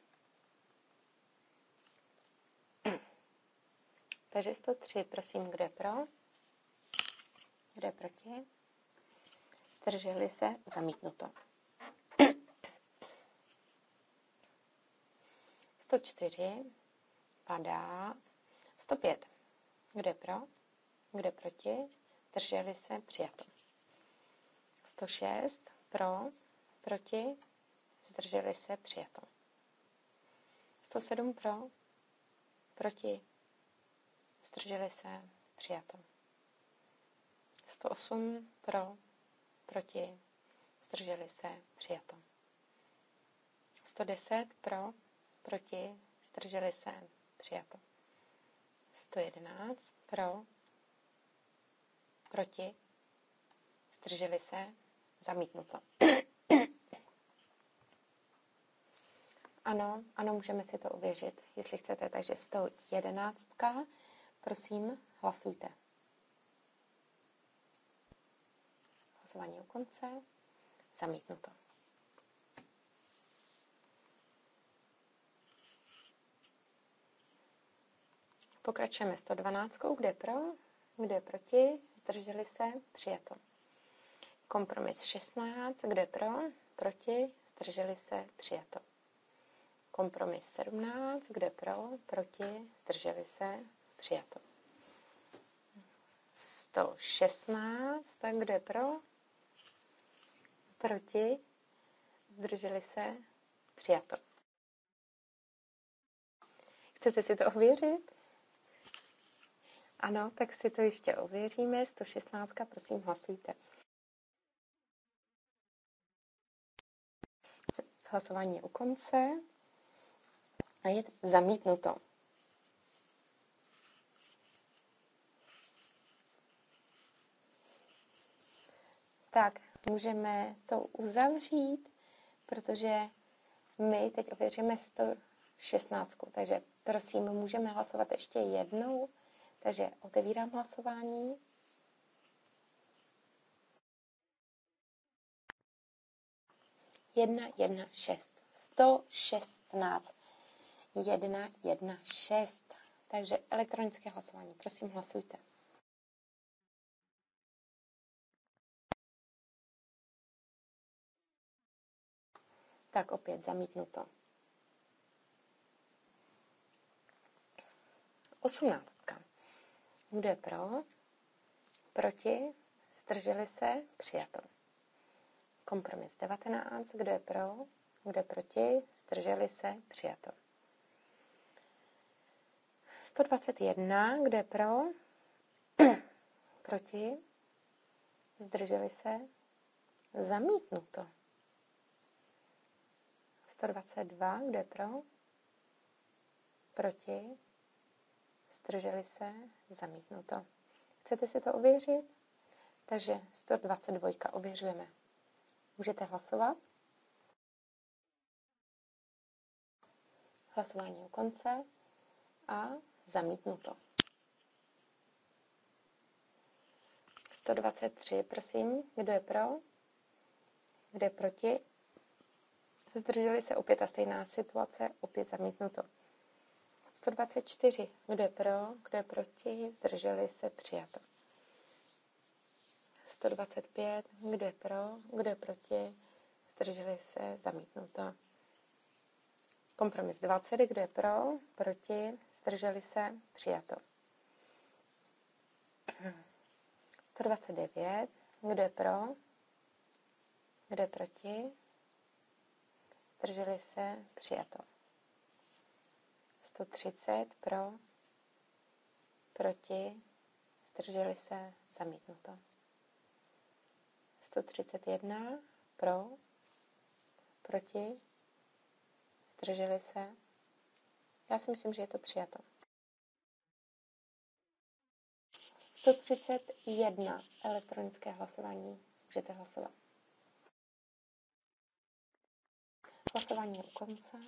Takže 103, prosím, kdo je pro? Kdo je proti? Zdrželi se? Zamítnuto. 104 padá. 105. Kde pro? Kde proti? Drželi se? Přijato. 106. Pro? Proti? Zdrželi se? Přijato. 107 pro? Proti? Zdrželi se? Přijato. 108 pro? Proti? Zdrželi se? Přijato. 110 pro? proti, zdrželi se, přijato. 111 pro, proti, zdrželi se, zamítnuto. ano, ano, můžeme si to uvěřit. jestli chcete. Takže 111, prosím, hlasujte. Hlasování u konce, zamítnuto. Pokračujeme 112, kde pro, kde proti, zdrželi se, přijato. Kompromis 16, kde pro, proti, zdrželi se, přijato. Kompromis 17, kde pro, proti, zdrželi se, přijato. 116, tak kde pro, proti, zdrželi se, přijato. Chcete si to ověřit? Ano, tak si to ještě ověříme. 116, prosím, hlasujte. Hlasování je u konce a je zamítnuto. Tak, můžeme to uzavřít, protože my teď ověříme 116. Takže prosím, můžeme hlasovat ještě jednou. Takže otevírám hlasování. Jedna, jedna, šest. sto šestnáct jedna jedna šest. Takže elektronické hlasování. Prosím, hlasujte. Tak opět zamítnuto. osmnáctka. Bude pro, proti, zdrželi se, přijato. Kompromis 19, kdo je pro, kdo je proti, zdrželi se, přijato. 121, kdo je pro, proti, zdrželi se, zamítnuto. 122, kdo je pro, proti, zdrželi se, zamítnuto. Chcete si to ověřit? Takže 122 ověřujeme. Můžete hlasovat. Hlasování u konce a zamítnuto. 123, prosím, kdo je pro? Kdo je proti? Zdrželi se opět a stejná situace, opět zamítnuto. 124. Kdo je pro, kdo je proti, zdrželi se, přijato. 125. Kdo je pro, kdo je proti, zdrželi se, zamítnuto. Kompromis 20. Kdo je pro, proti, zdrželi se, přijato. 129. Kdo je pro, kdo je proti, zdrželi se, přijato. 130 pro, proti, zdrželi se, zamítnuto. 131 pro, proti, zdrželi se. Já si myslím, že je to přijato. 131 elektronické hlasování. Můžete hlasovat. Hlasování je u konce.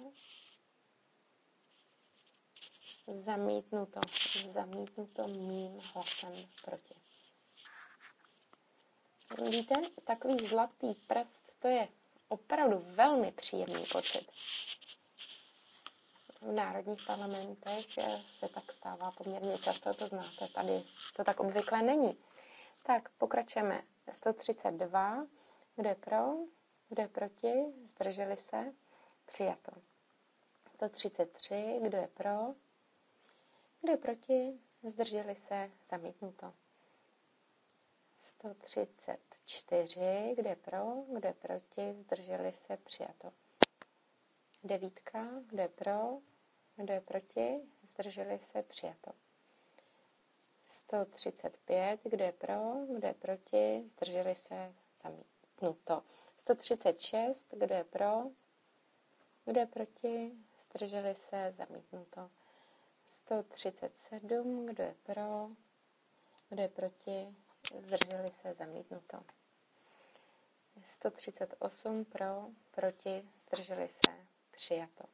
Zamítnuto. Zamítnuto mým hlasem proti. Víte, takový zlatý prst, to je opravdu velmi příjemný pocit. V národních parlamentech se tak stává poměrně často, to znáte, tady to tak obvykle není. Tak, pokračujeme. 132. Kdo je pro? Kdo je proti? Zdrželi se? Přijato. 133. Kdo je pro? Kdo je proti? Zdrželi se? Zamítnuto. 134. Kdo je pro? Kdo je proti? Zdrželi se? Přijato. Devítka. Kdo je pro? Kdo je proti? Zdrželi se? Přijato. 135. Kdo je pro? Kdo je proti? Zdrželi se? Zamítnuto. 136. Kdo je pro? Kdo je proti? Zdrželi se? Zamítnuto. 137, kdo je pro, kdo je proti, zdrželi se zamítnuto. 138 pro, proti, zdrželi se přijato.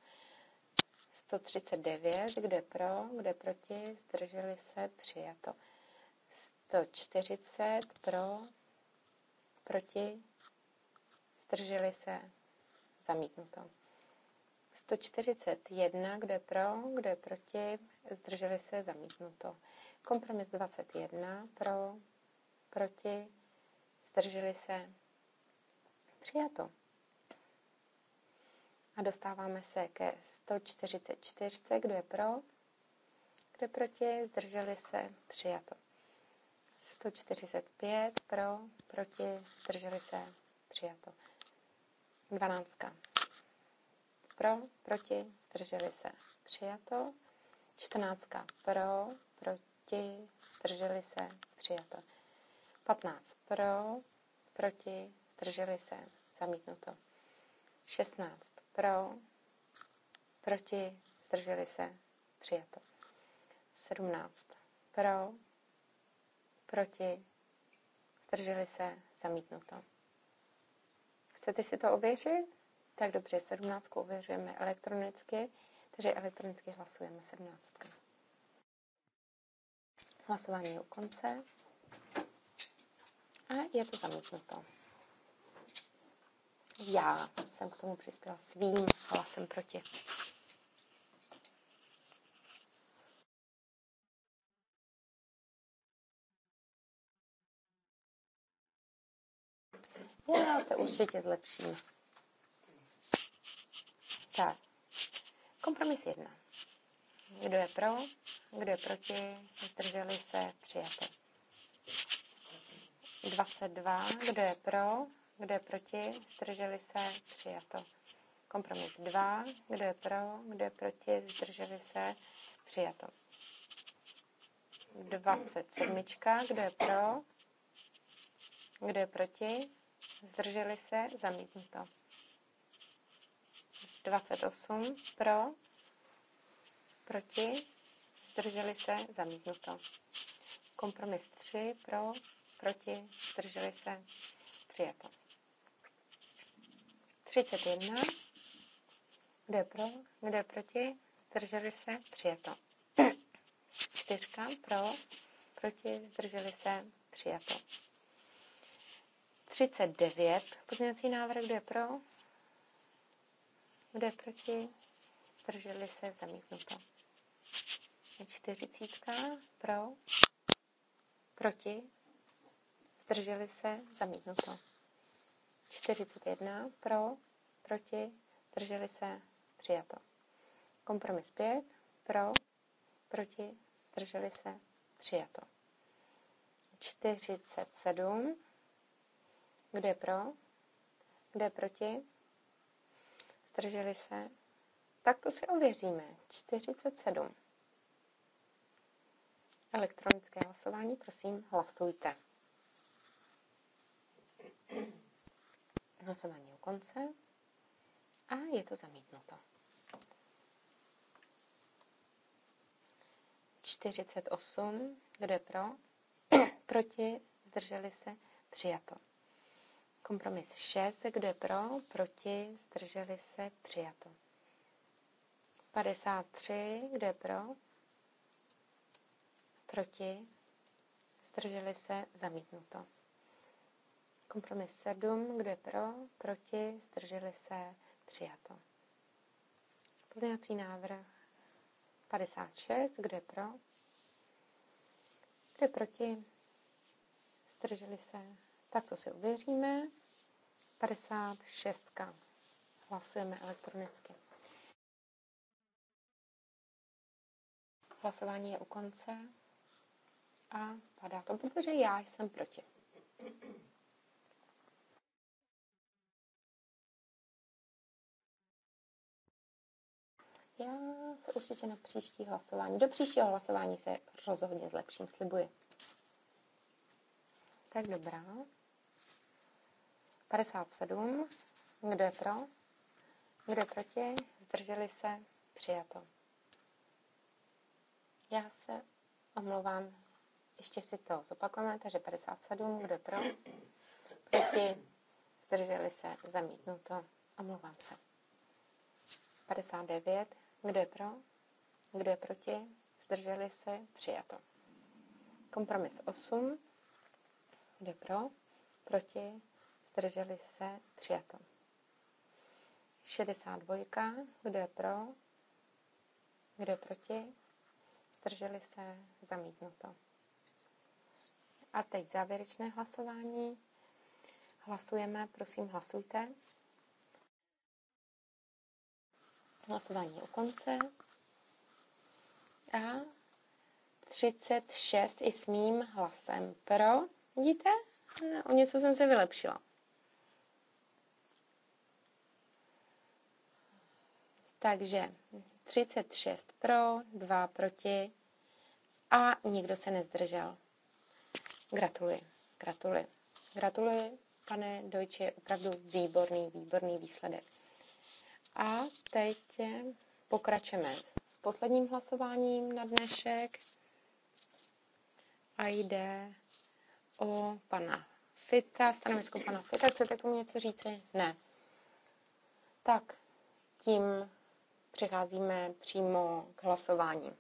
139, kdo je pro, kdo je proti, zdrželi se přijato. 140 pro, proti, zdrželi se zamítnuto. 141, kdo je pro, kdo je proti, zdrželi se, zamítnuto. Kompromis 21, pro, proti, zdrželi se, přijato. A dostáváme se ke 144, kdo je pro, kdo je proti, zdrželi se, přijato. 145 pro, proti, zdrželi se, přijato. 12 pro, proti, zdrželi se, přijato. 14 pro, proti, zdrželi se, přijato. 15 pro, proti, zdrželi se, zamítnuto. 16 pro, proti, zdrželi se, přijato. 17 pro, proti, zdrželi se, zamítnuto. Chcete si to ověřit? Tak dobře, 17 ověřujeme elektronicky, takže elektronicky hlasujeme 17. Hlasování je u konce a je to zamítnuto. Já jsem k tomu přispěla svým hlasem proti. Já se určitě zlepším. Tak, kompromis jedna. Kdo je pro, kdo je proti, zdrželi se, přijato. 22. Kdo je pro, kdo je proti, zdrželi se, přijato. Kompromis 2. Kdo je pro, kdo je proti, zdrželi se, přijato. 27. Kdo je pro, kdo je proti, zdrželi se, zamítnuto. 28 pro, proti, zdrželi se, zamítnuto. Kompromis 3 pro, proti, zdrželi se, přijato. 31, kde pro, kde proti, zdrželi se, přijato. 4 pro, proti, zdrželi se, přijato. 39, pozměňovací návrh, kde pro, kdo je proti? Zdrželi se zamítnuto. Čtyřicítka pro, proti, zdrželi se zamítnuto. jedna pro, proti, zdrželi se přijato. Kompromis pět pro, proti, zdrželi se přijato. čtyřicet kdo je pro, kdo je proti, zdrželi se, tak to si ověříme. 47. Elektronické hlasování, prosím, hlasujte. Hlasování u konce a je to zamítnuto. 48, kdo je pro? Proti, zdrželi se, přijato. Kompromis 6, kdo je pro, proti, zdrželi se, přijato. 53, kdo je pro, proti, zdrželi se, zamítnuto. Kompromis 7, kdo je pro, proti, zdrželi se, přijato. Pozměňovací návrh 56, kdo je pro, kdo je proti, zdrželi se, tak to si ověříme. 56. Hlasujeme elektronicky. Hlasování je u konce a padá to, protože já jsem proti. Já se určitě na příští hlasování, do příštího hlasování se rozhodně zlepším, slibuji. Tak dobrá. 57. Kdo je pro? Kdo je proti? Zdrželi se? Přijato. Já se omlouvám, ještě si to zopakujeme, takže 57, kdo je pro? Proti? Zdrželi se? Zamítnuto. Omlouvám se. 59, kdo je pro? Kdo je proti? Zdrželi se? Přijato. Kompromis 8, kdo je pro? Proti? zdrželi se, přijato. 62, kdo je pro, kdo je proti, zdrželi se, zamítnuto. A teď závěrečné hlasování. Hlasujeme, prosím, hlasujte. Hlasování u konce. A 36 i s mým hlasem pro. Vidíte? No, o něco jsem se vylepšila. Takže 36 pro, 2 proti a nikdo se nezdržel. Gratuluji, gratuluji, gratuluji, pane Dojče, je opravdu výborný, výborný výsledek. A teď eh, pokračujeme s posledním hlasováním na dnešek a jde o pana Fita, stanovisko pana Fita. Chcete tomu něco říci? Ne. Tak, tím přecházíme přímo k hlasování.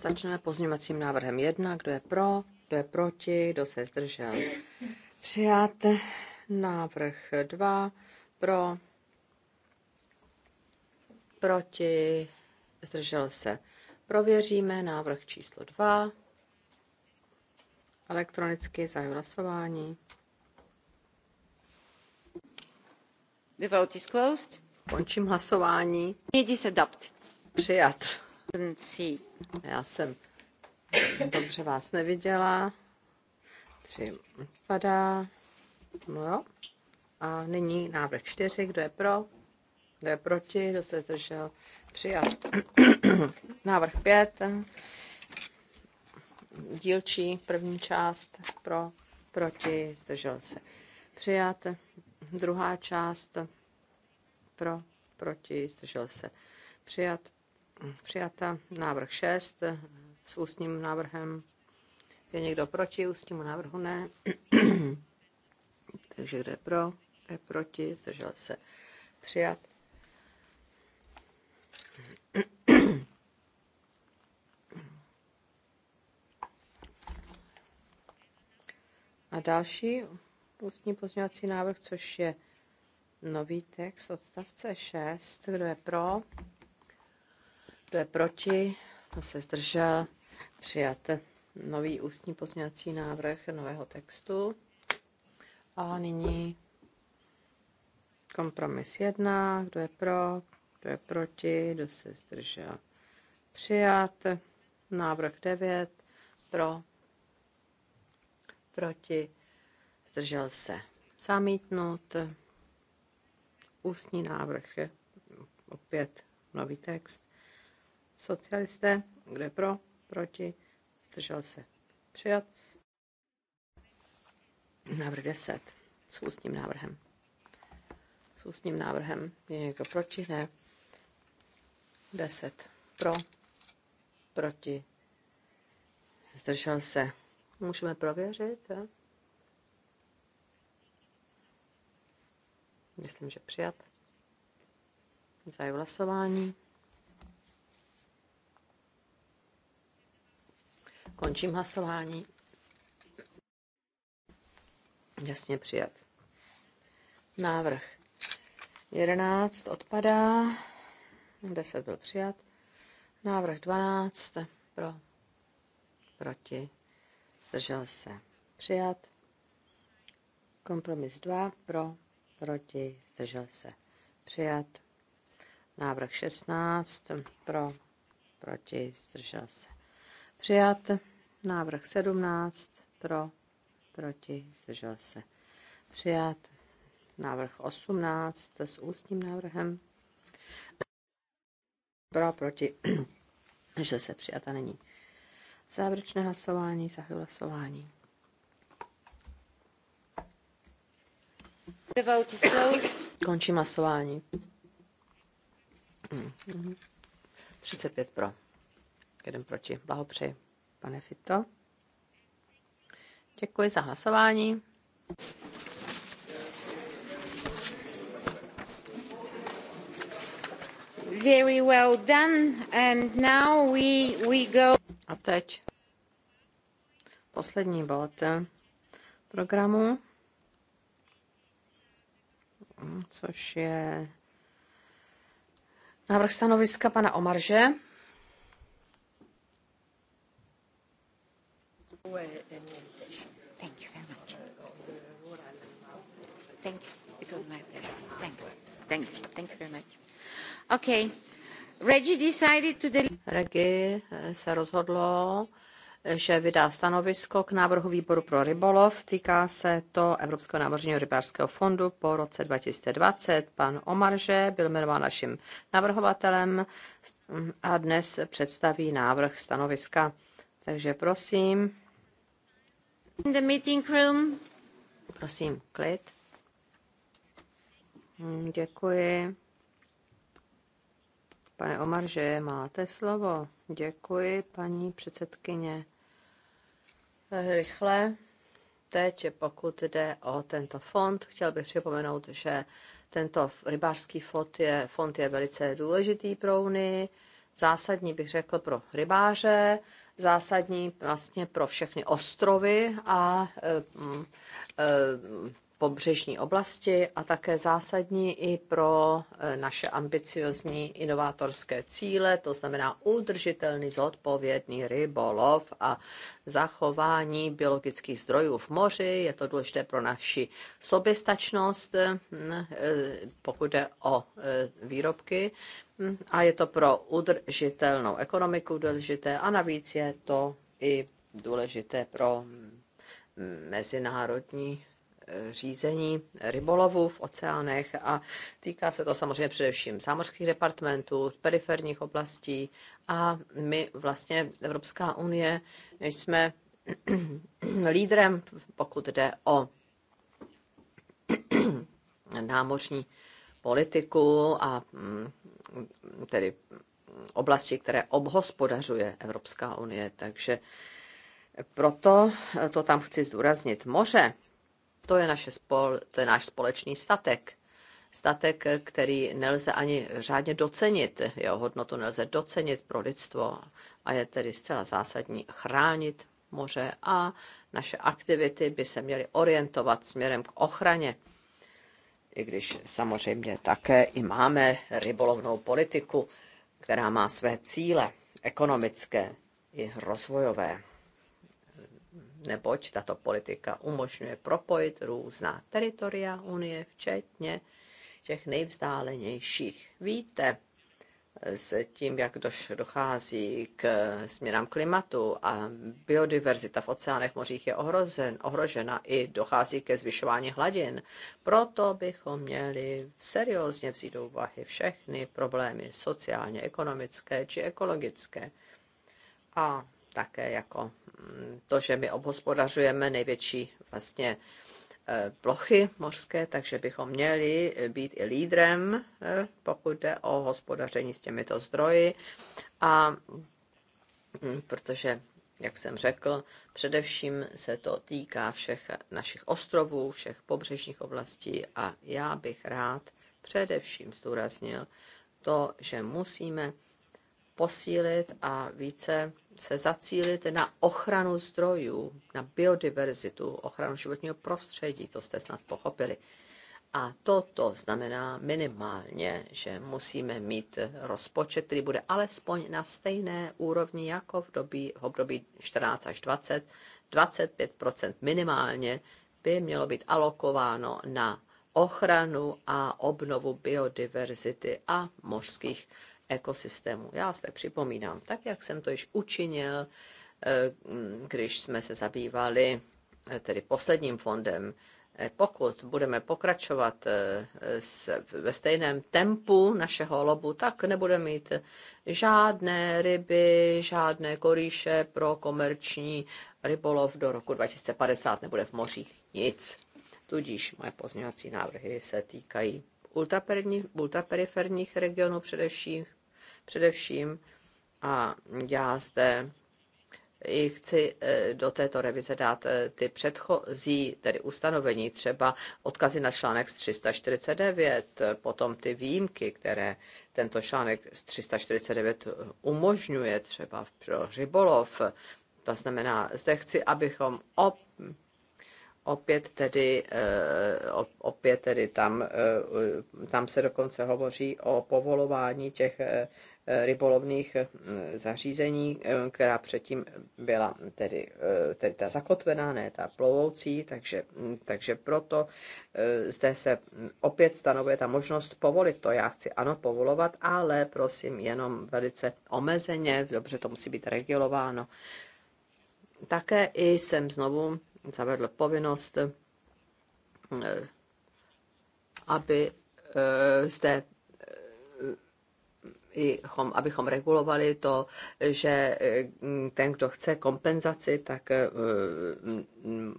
Začneme pozměňovacím návrhem 1. Kdo je pro, kdo je proti, kdo se zdržel. Přijat návrh 2. Pro, proti, zdržel se. Prověříme návrh číslo 2. Elektronicky zahajuji hlasování. The vote is closed. Končím hlasování. se Přijat. Já jsem dobře vás neviděla. Tři padá. No jo. A nyní návrh čtyři. Kdo je pro? Kdo je proti? Kdo se zdržel? Přijat. návrh pět. Dílčí první část pro, proti, zdržel se. Přijat. Druhá část pro, proti, zdržel se přijat. Přijata návrh 6 s ústním návrhem. Je někdo proti ústnímu návrhu? Ne. Takže kde je pro, kde je proti, zdržel se přijat. A další ústní pozměňovací návrh, což je nový text odstavce 6. Kdo je pro? Kdo je proti? Kdo se zdržel? Přijat nový ústní pozměňovací návrh nového textu. A nyní kompromis 1. Kdo je pro? Kdo je proti? Kdo se zdržel? Přijat návrh 9. Pro? Proti? Zdržel se? Zamítnut ústní návrh, opět nový text. Socialisté, kde pro, proti, zdržel se přijat. Návrh 10 s ústním návrhem. S ústním návrhem je někdo proti? Ne. 10 pro, proti, zdržel se. Můžeme prověřit. Ne? Eh? Myslím, že přijat. Zajím hlasování. Končím hlasování. Jasně přijat. Návrh 11 odpadá. 10 byl přijat. Návrh 12 pro, proti, zdržel se přijat. Kompromis 2 pro, proti, zdržel se přijat. Návrh 16 pro, proti, zdržel se přijat. Návrh 17 pro, proti, zdržel se přijat. Návrh 18 s ústním návrhem pro, proti, že se přijata není. Závěrečné hlasování, zahajuji hlasování. The vote Končím hlasování. 35 hmm. pro. Jeden proti. Blahopřeji, pane Fito. Děkuji za hlasování. Very well done. And now we, we go... A teď poslední bod programu což je návrh stanoviska pana Omarže. Thank you very much. Thank you. It was my pleasure. Thanks. Thanks. Thank you very much. Okay. Regi decided to Regi eh, se rozhodlo že vydá stanovisko k návrhu výboru pro rybolov. Týká se to Evropského námořního rybářského fondu po roce 2020. Pan Omarže byl jmenován naším navrhovatelem a dnes představí návrh stanoviska. Takže prosím. In the meeting room. Prosím, klid. Hmm, děkuji. Pane Omarže, máte slovo. Děkuji, paní předsedkyně rychle. Teď, pokud jde o tento fond, chtěl bych připomenout, že tento rybářský fond je, fond je velice důležitý pro Unii, zásadní bych řekl pro rybáře, zásadní vlastně pro všechny ostrovy a eh, mm, eh, pobřežní oblasti a také zásadní i pro e, naše ambiciozní inovátorské cíle, to znamená udržitelný zodpovědný rybolov a zachování biologických zdrojů v moři. Je to důležité pro naši soběstačnost, e, pokud jde o e, výrobky. A je to pro udržitelnou ekonomiku důležité a navíc je to i důležité pro mezinárodní řízení rybolovu v oceánech a týká se to samozřejmě především zámořských departmentů, periferních oblastí a my vlastně Evropská unie jsme lídrem, pokud jde o námořní politiku a mm, tedy oblasti, které obhospodařuje Evropská unie. Takže proto to tam chci zdůraznit. Moře to je, naše spol, to je náš společný statek. Statek, který nelze ani řádně docenit, jeho hodnotu nelze docenit pro lidstvo a je tedy zcela zásadní chránit moře a naše aktivity by se měly orientovat směrem k ochraně. I když samozřejmě také i máme rybolovnou politiku, která má své cíle ekonomické i rozvojové neboť tato politika umožňuje propojit různá teritoria Unie, včetně těch nejvzdálenějších. Víte, s tím, jak dochází k změnám klimatu a biodiverzita v oceánech, mořích je ohrozen, ohrožena i dochází ke zvyšování hladin. Proto bychom měli seriózně vzít do úvahy všechny problémy sociálně, ekonomické či ekologické. A také jako mm, to, že my obhospodařujeme největší vlastně e, plochy mořské, takže bychom měli být i lídrem, e, pokud jde o hospodaření s těmito zdroji. A mm, protože, jak jsem řekl, především se to týká všech našich ostrovů, všech pobřežních oblastí a já bych rád především zdůraznil to, že musíme posílit a více se zacílit na ochranu zdrojů, na biodiverzitu, ochranu životního prostředí, to jste snad pochopili. A toto znamená minimálně, že musíme mít rozpočet, který bude alespoň na stejné úrovni jako v, době v období 14 až 20. 25 minimálně by mělo být alokováno na ochranu a obnovu biodiverzity a mořských ekosystému. Já se připomínám, tak jak jsem to již učinil, eh, mm, když jsme se zabývali eh, tedy posledním fondem, eh, pokud budeme pokračovat s, ve stejném tempu našeho lobu, tak nebudeme mít žádné ryby, žádné koríše pro komerční rybolov do roku 2050, nebude v mořích nic. Tudíž moje pozměňovací návrhy se týkají ultraperiferních regionů, především především. A já zde i chci e, do této revize dát e, ty předchozí, tedy ustanovení, třeba odkazy na článek z 349, potom ty výjimky, které tento článek z 349 umožňuje třeba pro rybolov. To znamená, zde chci, abychom op, opět tedy, e, opět tedy tam, tam se dokonce hovoří o povolování těch Eh, rybolovných eh, zařízení, eh, která předtím byla tedy, tedy ta zakotvená, ne ta plovoucí, takže, mm, takže proto zde se mm, opět stanovuje ta možnost povolit to. Já chci ano povolovat, ale prosím jenom velice omezeně, dobře to musí být regulováno. Také i jsem znovu zavedl povinnost, aby zde abychom, regulovali to, že eh, ten, kdo chce kompenzaci, tak eh,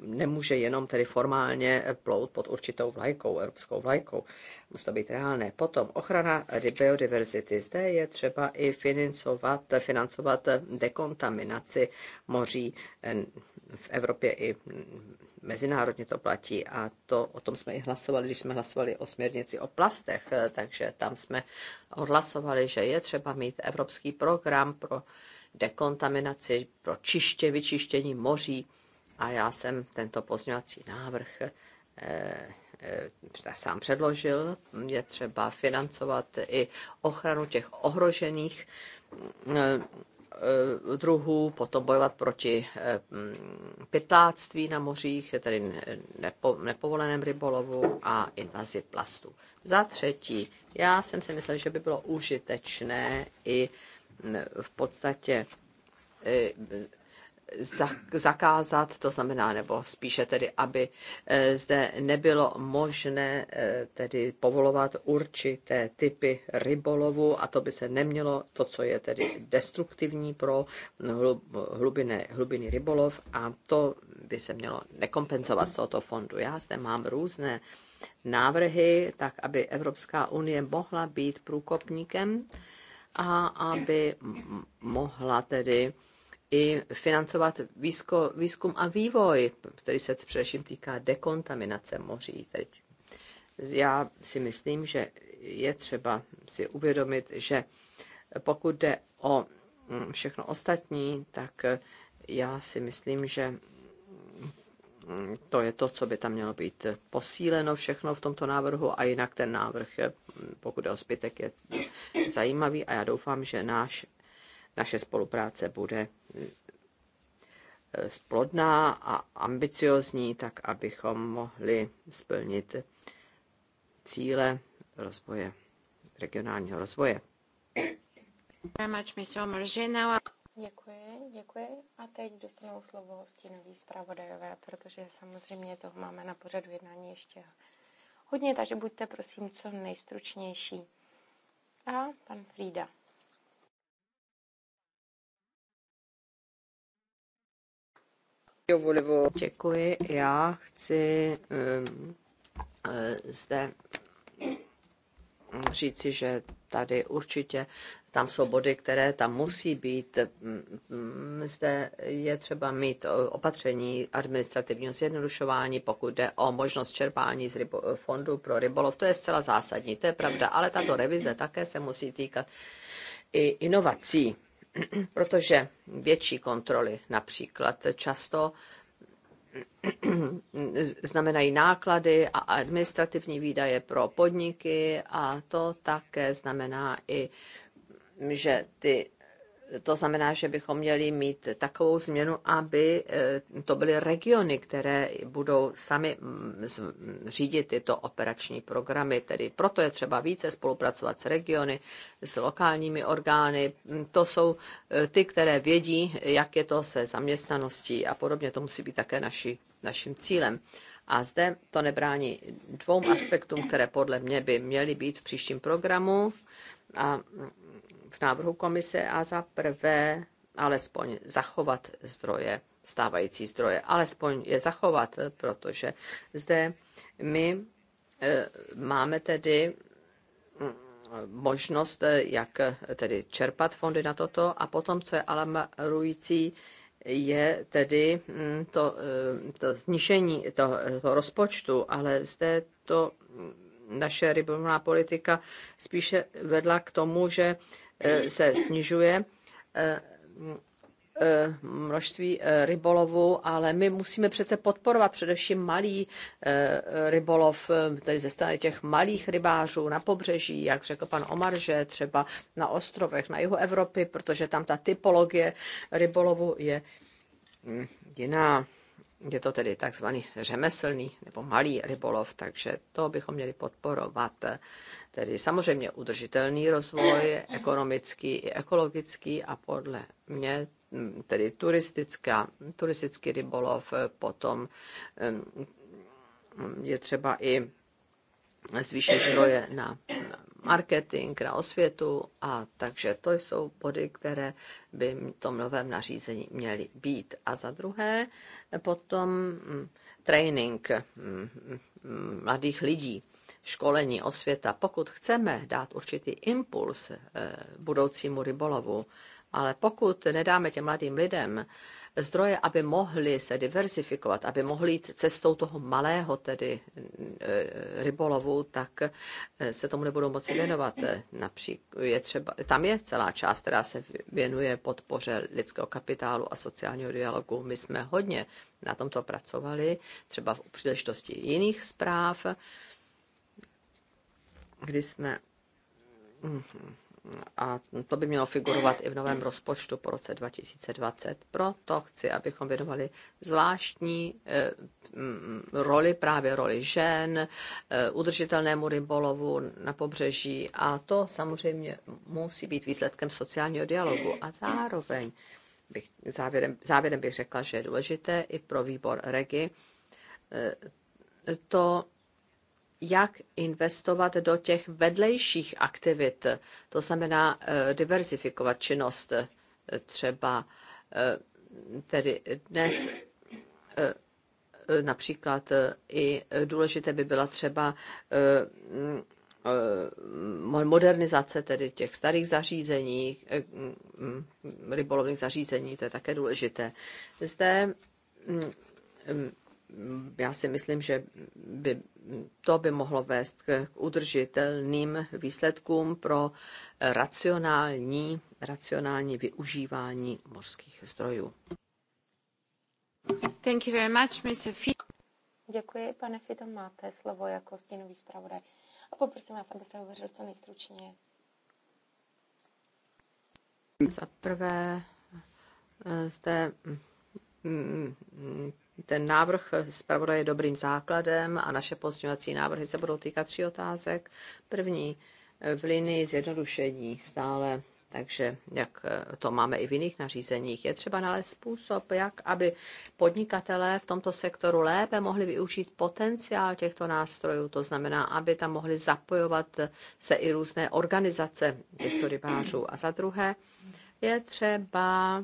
nemůže jenom tedy formálně plout pod určitou vlajkou, evropskou vlajkou. Musí to být reálné. Potom ochrana biodiverzity. Zde je třeba i financovat, financovat dekontaminaci moří eh, v Evropě i mezinárodně to platí a to, o tom jsme i hlasovali, když jsme hlasovali o směrnici o plastech, eh, takže tam jsme odhlasovali, že je třeba mít evropský program pro dekontaminaci, pro čiště, vyčištění moří a já jsem tento pozňovací návrh eh, eh, sám předložil, je třeba financovat i ochranu těch ohrožených eh, druhů, potom bojovat proti pytláctví na mořích, tedy nepo, nepovoleném rybolovu a invazi plastů. Za třetí, já jsem si myslel, že by bylo užitečné i v podstatě zakázat, to znamená, nebo spíše tedy, aby eh, zde nebylo možné eh, tedy povolovat určité typy rybolovu a to by se nemělo, to, co je tedy destruktivní pro hlubiny, hlubiny rybolov a to by se mělo nekompenzovat z tohoto fondu. Já zde mám různé návrhy, tak aby Evropská unie mohla být průkopníkem a aby mohla tedy i financovat výzko, výzkum a vývoj, který se především týká dekontaminace moří. Teď já si myslím, že je třeba si uvědomit, že pokud jde o mm, všechno ostatní, tak já si myslím, že mm, to je to, co by tam mělo být posíleno všechno v tomto návrhu a jinak ten návrh, mm, pokud je o zbytek, je zajímavý a já doufám, že náš naše spolupráce bude eh, splodná a ambiciozní, tak abychom mohli splnit cíle rozvoje, regionálního rozvoje. Děkuji, děkuji. A teď dostanou slovo hostinoví zpravodajové, protože samozřejmě toho máme na pořadu jednání ještě hodně, takže buďte prosím co nejstručnější. A pan Frida. Děkuji. Já chci eh, eh, zde říci, že tady určitě tam jsou body, které tam musí být. Mm, mm, zde je třeba mít opatření administrativního zjednodušování, pokud jde o možnost čerpání z rybo, fondu pro rybolov. To je zcela zásadní, to je pravda, ale tato revize také se musí týkat i inovací protože větší kontroly například často znamenají náklady a administrativní výdaje pro podniky a to také znamená i, že ty to znamená, že bychom měli mít takovou změnu, aby eh, to byly regiony, které budou sami mm, mm, řídit tyto operační programy. Tedy proto je třeba více spolupracovat s regiony, s lokálními orgány. Mm, to jsou eh, ty, které vědí, jak je to se zaměstnaností a podobně. To musí být také naši, naším cílem. A zde to nebrání dvou aspektům, které podle mě by měly být v příštím programu. A návrhu komise a za prvé alespoň zachovat zdroje, stávající zdroje, alespoň je zachovat, protože zde my e, máme tedy mm, možnost, e, jak e, tedy čerpat fondy na toto a potom, co je alarmující, je tedy mm, to, to znišení to, to rozpočtu, ale zde to mm, naše rybolovná politika spíše vedla k tomu, že E, se snižuje e, e, množství rybolovu, ale my musíme přece podporovat především malý rybolov, tedy ze strany těch malých rybářů na pobřeží, jak řekl pan Omar, že třeba na ostrovech na jihu Evropy, protože tam ta typologie rybolovu je jiná. Je to tedy takzvaný řemeslný nebo malý rybolov, takže to bychom měli podporovat. Tedy samozřejmě udržitelný rozvoj, ekonomický i ekologický a podle mě mm, tedy turistická, turistický rybolov, eh, potom mm, mm, je třeba i zvýšit zdroje na marketing, na osvětu a takže to jsou body, které by v tom novém nařízení měly být. A za druhé eh, potom training mladých lidí školení, osvěta. Pokud chceme dát určitý impuls eh, budoucímu rybolovu, ale pokud nedáme těm mladým lidem zdroje, aby mohli se diverzifikovat, aby mohli jít cestou toho malého tedy eh, rybolovu, tak eh, se tomu nebudou moci věnovat. Například je třeba, tam je celá část, která se věnuje podpoře lidského kapitálu a sociálního dialogu. My jsme hodně na tomto pracovali, třeba v příležitosti jiných zpráv, kdy jsme mm-hmm, a to by mělo figurovat i v novém rozpočtu po roce 2020. Proto chci, abychom věnovali zvláštní eh, mm, roli, právě roli žen, eh, udržitelnému rybolovu na pobřeží a to samozřejmě musí být výsledkem sociálního dialogu a zároveň bych, závěrem, závěrem bych řekla, že je důležité i pro výbor REGI eh, to jak investovat do těch vedlejších aktivit, to znamená eh, diverzifikovat činnost. Eh, třeba eh, tedy dnes například i důležité by byla třeba mm, modernizace tedy těch starých zařízení, mm, mm, rybolovných zařízení, to je také důležité. Zde já si myslím, že by, to by mohlo vést k udržitelným výsledkům pro racionální, racionální využívání mořských zdrojů. Thank you very much, Mr. Fito. Děkuji, pane Fito, máte slovo jako stínový zpravodaj. A poprosím vás, abyste hovořil co nejstručněji. Za prvé, eh, zde mm, mm, ten návrh zpravodaje je dobrým základem a naše pozměňovací návrhy se budou týkat tří otázek. První eh, v linii zjednodušení stále takže jak eh, to máme i v jiných nařízeních, je třeba nalézt způsob, jak aby podnikatelé v tomto sektoru lépe mohli využít potenciál těchto nástrojů. To znamená, aby tam mohli zapojovat eh, se i různé organizace těchto rybářů. A za druhé je třeba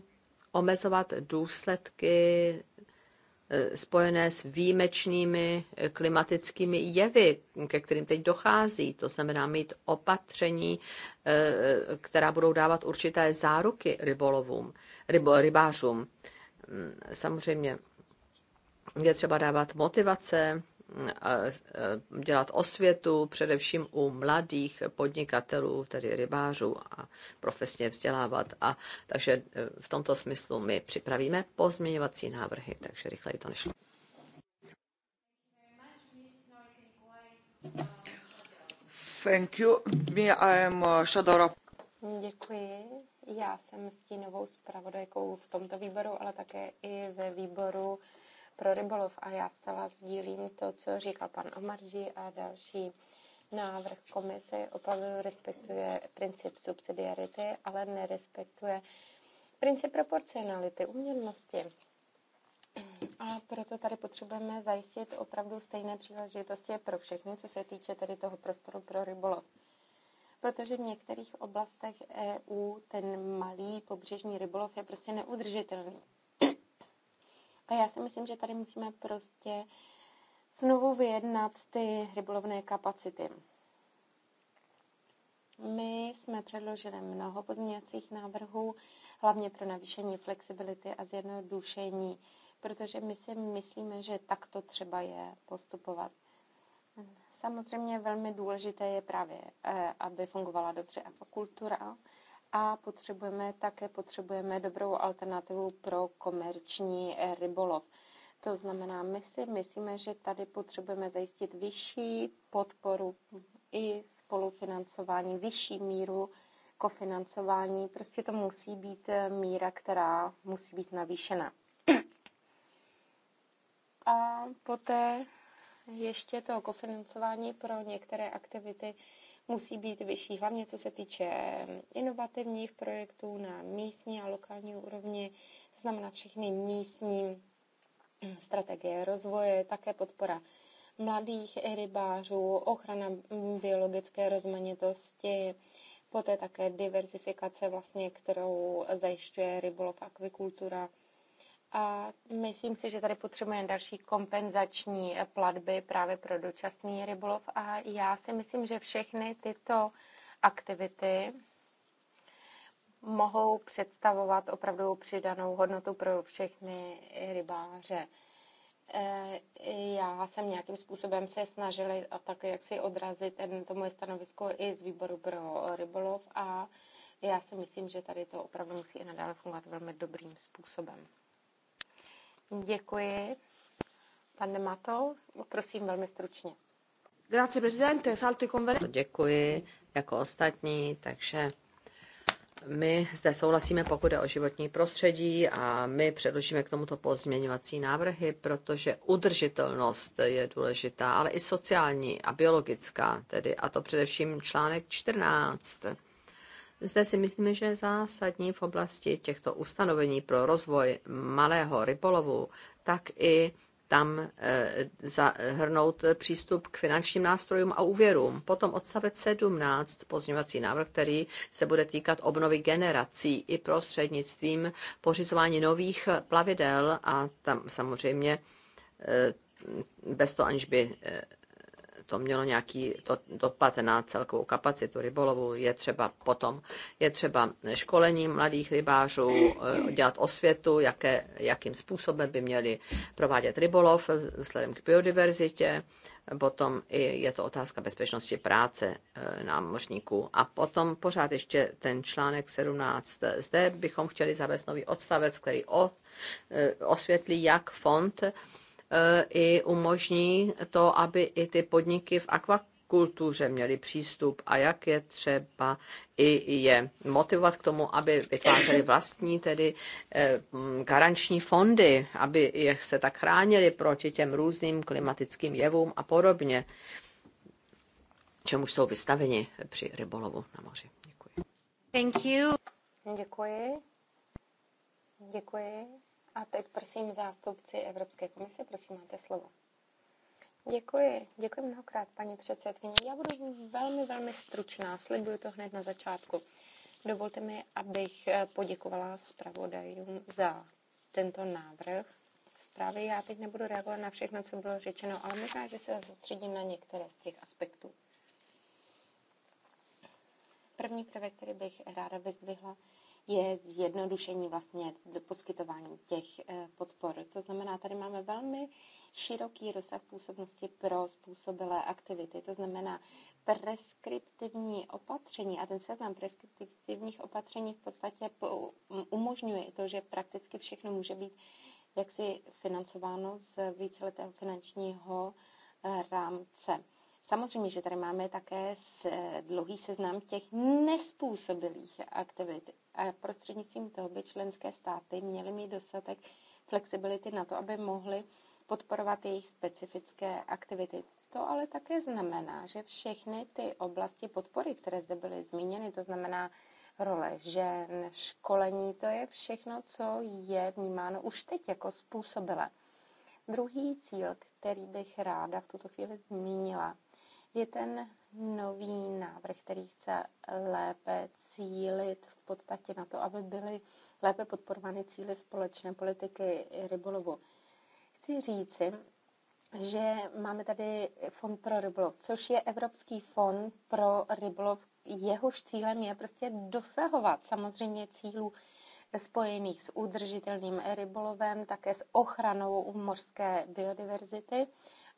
omezovat důsledky Eh, spojené s výjimečnými eh, klimatickými jevy, ke kterým teď dochází. To znamená mít opatření, eh, která budou dávat určité záruky rybolovům, rybo, rybářům. Mm, samozřejmě je třeba dávat motivace dělat osvětu, především u mladých podnikatelů, tedy rybářů a profesně vzdělávat. A takže e, v tomto smyslu my připravíme pozměňovací návrhy, takže rychleji to nešlo. Thank you. Me, I am uh, Shadora. Děkuji. Já jsem stínovou zpravodajkou v tomto výboru, ale také i ve výboru pro rybolov. A já zcela sdílím to, co říkal pan Omarzi a další návrh komise opravdu respektuje princip subsidiarity, ale nerespektuje princip proporcionality, uměrnosti. A proto tady potřebujeme zajistit opravdu stejné příležitosti pro všechny, co se týče tady toho prostoru pro rybolov. Protože v některých oblastech EU ten malý pobřežní rybolov je prostě neudržitelný. A já si myslím, že tady musíme prostě znovu vyjednat ty rybolovné kapacity. My jsme předložili mnoho pozměňovacích návrhů, hlavně pro navýšení flexibility a zjednodušení, protože my si myslíme, že takto třeba je postupovat. Samozřejmě velmi důležité je právě, eh, aby fungovala dobře akvakultura, a potřebujeme také potřebujeme dobrou alternativu pro komerční eh, rybolov. To znamená, my si myslíme, že tady potřebujeme zajistit vyšší podporu i spolufinancování, vyšší míru kofinancování. Prostě to musí být eh, míra, která musí být navýšena. A poté ještě to kofinancování pro některé aktivity musí být vyšší, hlavně co se týče mm, inovativních projektů na místní a lokální úrovni, to znamená všechny místní mm, strategie rozvoje, také podpora mladých rybářů, ochrana biologické rozmanitosti, poté také diversifikace, vlastně, kterou zajišťuje rybolov a akvikultura. A myslím si, že tady potřebujeme další kompenzační eh, platby právě pro dočasný rybolov a já si myslím, že všechny tyto aktivity mohou představovat opravdu přidanou hodnotu pro všechny rybáře. Eh, já jsem nějakým způsobem se snažila a tak jak si odrazit to moje stanovisko i z výboru pro rybolov a já si myslím, že tady to opravdu musí i nadále fungovat velmi dobrým způsobem. Děkuji. Pane Mato, prosím velmi stručně. Grazie, prezidente, salto Děkuji, jako ostatní, takže my zde souhlasíme, pokud je o životní prostředí a my předložíme k tomuto pozměňovací návrhy, protože udržitelnost je důležitá, ale i sociální a biologická, tedy a to především článek 14 zde si myslíme, že je zásadní v oblasti těchto ustanovení pro rozvoj malého rybolovu, tak i tam eh, zahrnout přístup k finančním nástrojům a úvěrům. Potom odstavec 17, pozměňovací návrh, který se bude týkat obnovy generací i prostřednictvím pořizování nových plavidel a tam samozřejmě eh, bez to, aniž by eh, to mělo nějaký to, dopad na celkovou kapacitu rybolovu. Je třeba potom, je třeba školení mladých rybářů, eh, dělat osvětu, jaké, jakým způsobem by měli provádět rybolov vzhledem k biodiverzitě. Potom i je to otázka bezpečnosti práce eh, námořníků. A potom pořád ještě ten článek 17. Zde bychom chtěli zavést nový odstavec, který o, eh, osvětlí, jak fond Eh, i umožní to, aby i ty podniky v kultuře měli přístup a jak je třeba i je motivovat k tomu, aby vytvářeli vlastní tedy eh, garanční fondy, aby je se tak chránili proti těm různým klimatickým jevům a podobně, čemu jsou vystaveni při rybolovu na moři. Děkuji. Thank you. Děkuji. Děkuji. A teď prosím zástupci Evropské komise, prosím, máte slovo. Děkuji, děkuji mnohokrát, paní předsedkyně. Já budu velmi, velmi stručná, slibuju to hned na začátku. Dovolte mi, abych eh, poděkovala zpravodajům za tento návrh zprávy. Já teď nebudu reagovat na všechno, co bylo řečeno, ale možná, že se zastředím na některé z těch aspektů. První prvek, který bych ráda vyzdvihla, je zjednodušení vlastně poskytování těch eh, podpor. To znamená, tady máme velmi široký rozsah působnosti pro způsobilé aktivity. To znamená, preskriptivní opatření a ten seznam preskriptivních opatření v podstatě um, umožňuje to, že prakticky všechno může být jaksi financováno z víceletého finančního eh, rámce. Samozřejmě, že tady máme také dlouhý seznam těch nespůsobilých aktivit. A prostřednictvím toho by členské státy měly mít dostatek flexibility na to, aby mohly podporovat jejich specifické aktivity. To ale také znamená, že všechny ty oblasti podpory, které zde byly zmíněny, to znamená role žen, školení, to je všechno, co je vnímáno už teď jako způsobile. Druhý cíl, který bych ráda v tuto chvíli zmínila, je ten nový návrh, který chce lépe cílit v podstatě na to, aby byly lépe podporovány cíly společné politiky rybolovu. Chci říci, že máme tady fond pro rybolov, což je Evropský fond pro rybolov. Jehož cílem je prostě dosahovat samozřejmě cílů spojených s udržitelným rybolovem, také s ochranou mořské biodiverzity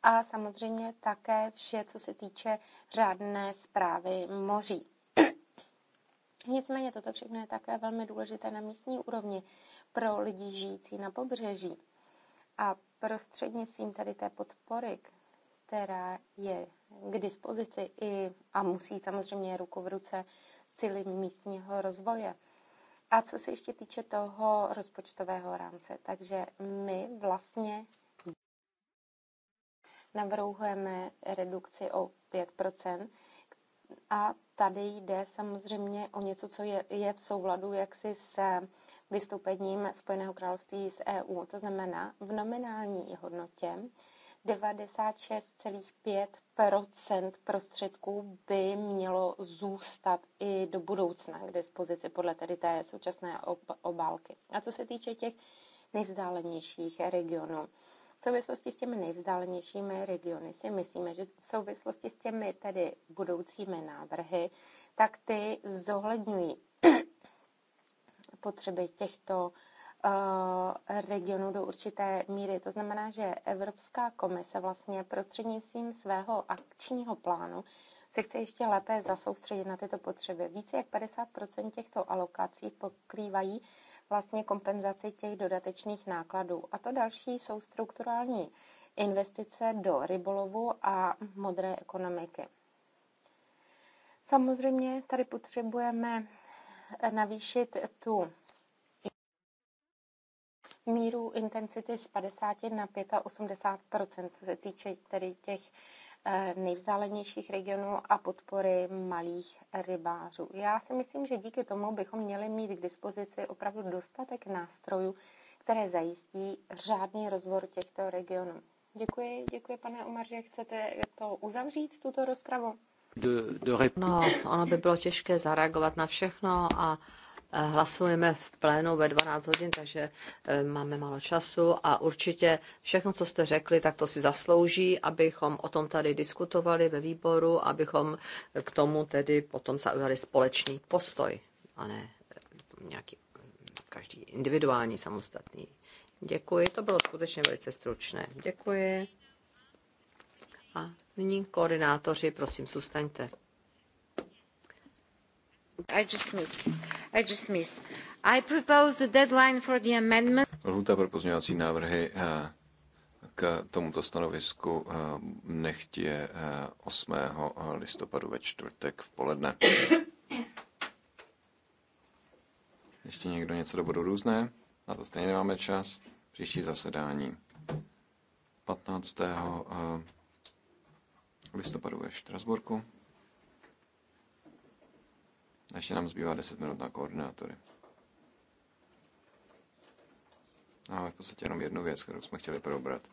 a samozřejmě také vše, co se týče řádné zprávy moří. Nicméně toto všechno je také velmi důležité na místní úrovni pro lidi žijící na pobřeží. A prostřednictvím tady té podpory, která je k dispozici i a musí samozřejmě ruku v ruce s cíly místního rozvoje. A co se ještě týče toho rozpočtového rámce, takže my vlastně navrhujeme redukci o 5 a tady jde samozřejmě o něco, co je, je v souladu jaksi s vystoupením Spojeného království z EU. To znamená v nominální hodnotě 96,5 prostředků by mělo zůstat i do budoucna k dispozici podle tedy té současné obálky. A co se týče těch nejvzdálenějších regionů, v souvislosti s těmi nejvzdálenějšími regiony si myslíme, že v souvislosti s těmi tedy budoucími návrhy, tak ty zohledňují potřeby těchto eh, regionu do určité míry. To znamená, že Evropská komise vlastně prostřednictvím svého akčního plánu se chce ještě lépe zasoustředit na tyto potřeby. Více jak 50 těchto alokací pokrývají vlastně kompenzaci těch dodatečných nákladů. A to další jsou strukturální investice do rybolovu a modré ekonomiky. Samozřejmě tady potřebujeme eh, navýšit tu míru intenzity z 50 na 85 co se týče tedy těch Eh, nejvzdálenějších regionů a podpory malých rybářů. Já si myslím, že díky tomu bychom měli mít k dispozici opravdu dostatek nástrojů, které zajistí řádný rozvoj těchto regionů. Děkuji, děkuji pane Omar, že chcete to uzavřít, tuto rozpravu. No, ono by bylo těžké zareagovat na všechno a Eh, hlasujeme v plénu ve 12 hodin, takže eh, máme málo času a určitě všechno, co jste řekli, tak to si zaslouží, abychom o tom tady diskutovali ve výboru, abychom eh, k tomu tedy potom zaujali společný postoj a ne nějaký mm, každý individuální, samostatný. Děkuji, to bylo skutečně velice stručné. Děkuji. A nyní koordinátoři, prosím, zůstaňte. I Lhuta pro pozměňovací návrhy eh, k tomuto stanovisku eh, je 8. Eh, listopadu ve čtvrtek v poledne. Ještě někdo něco do bodu různé? Na to stejně nemáme čas. Příští zasedání 15. listopadu ve Štrasburku. Ještě nám zbývá 10 minut na koordinátory. Máme v podstatě jenom jednu věc, kterou jsme chtěli probrat.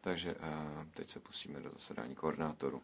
Takže eh, teď se pustíme do zasedání koordinátoru.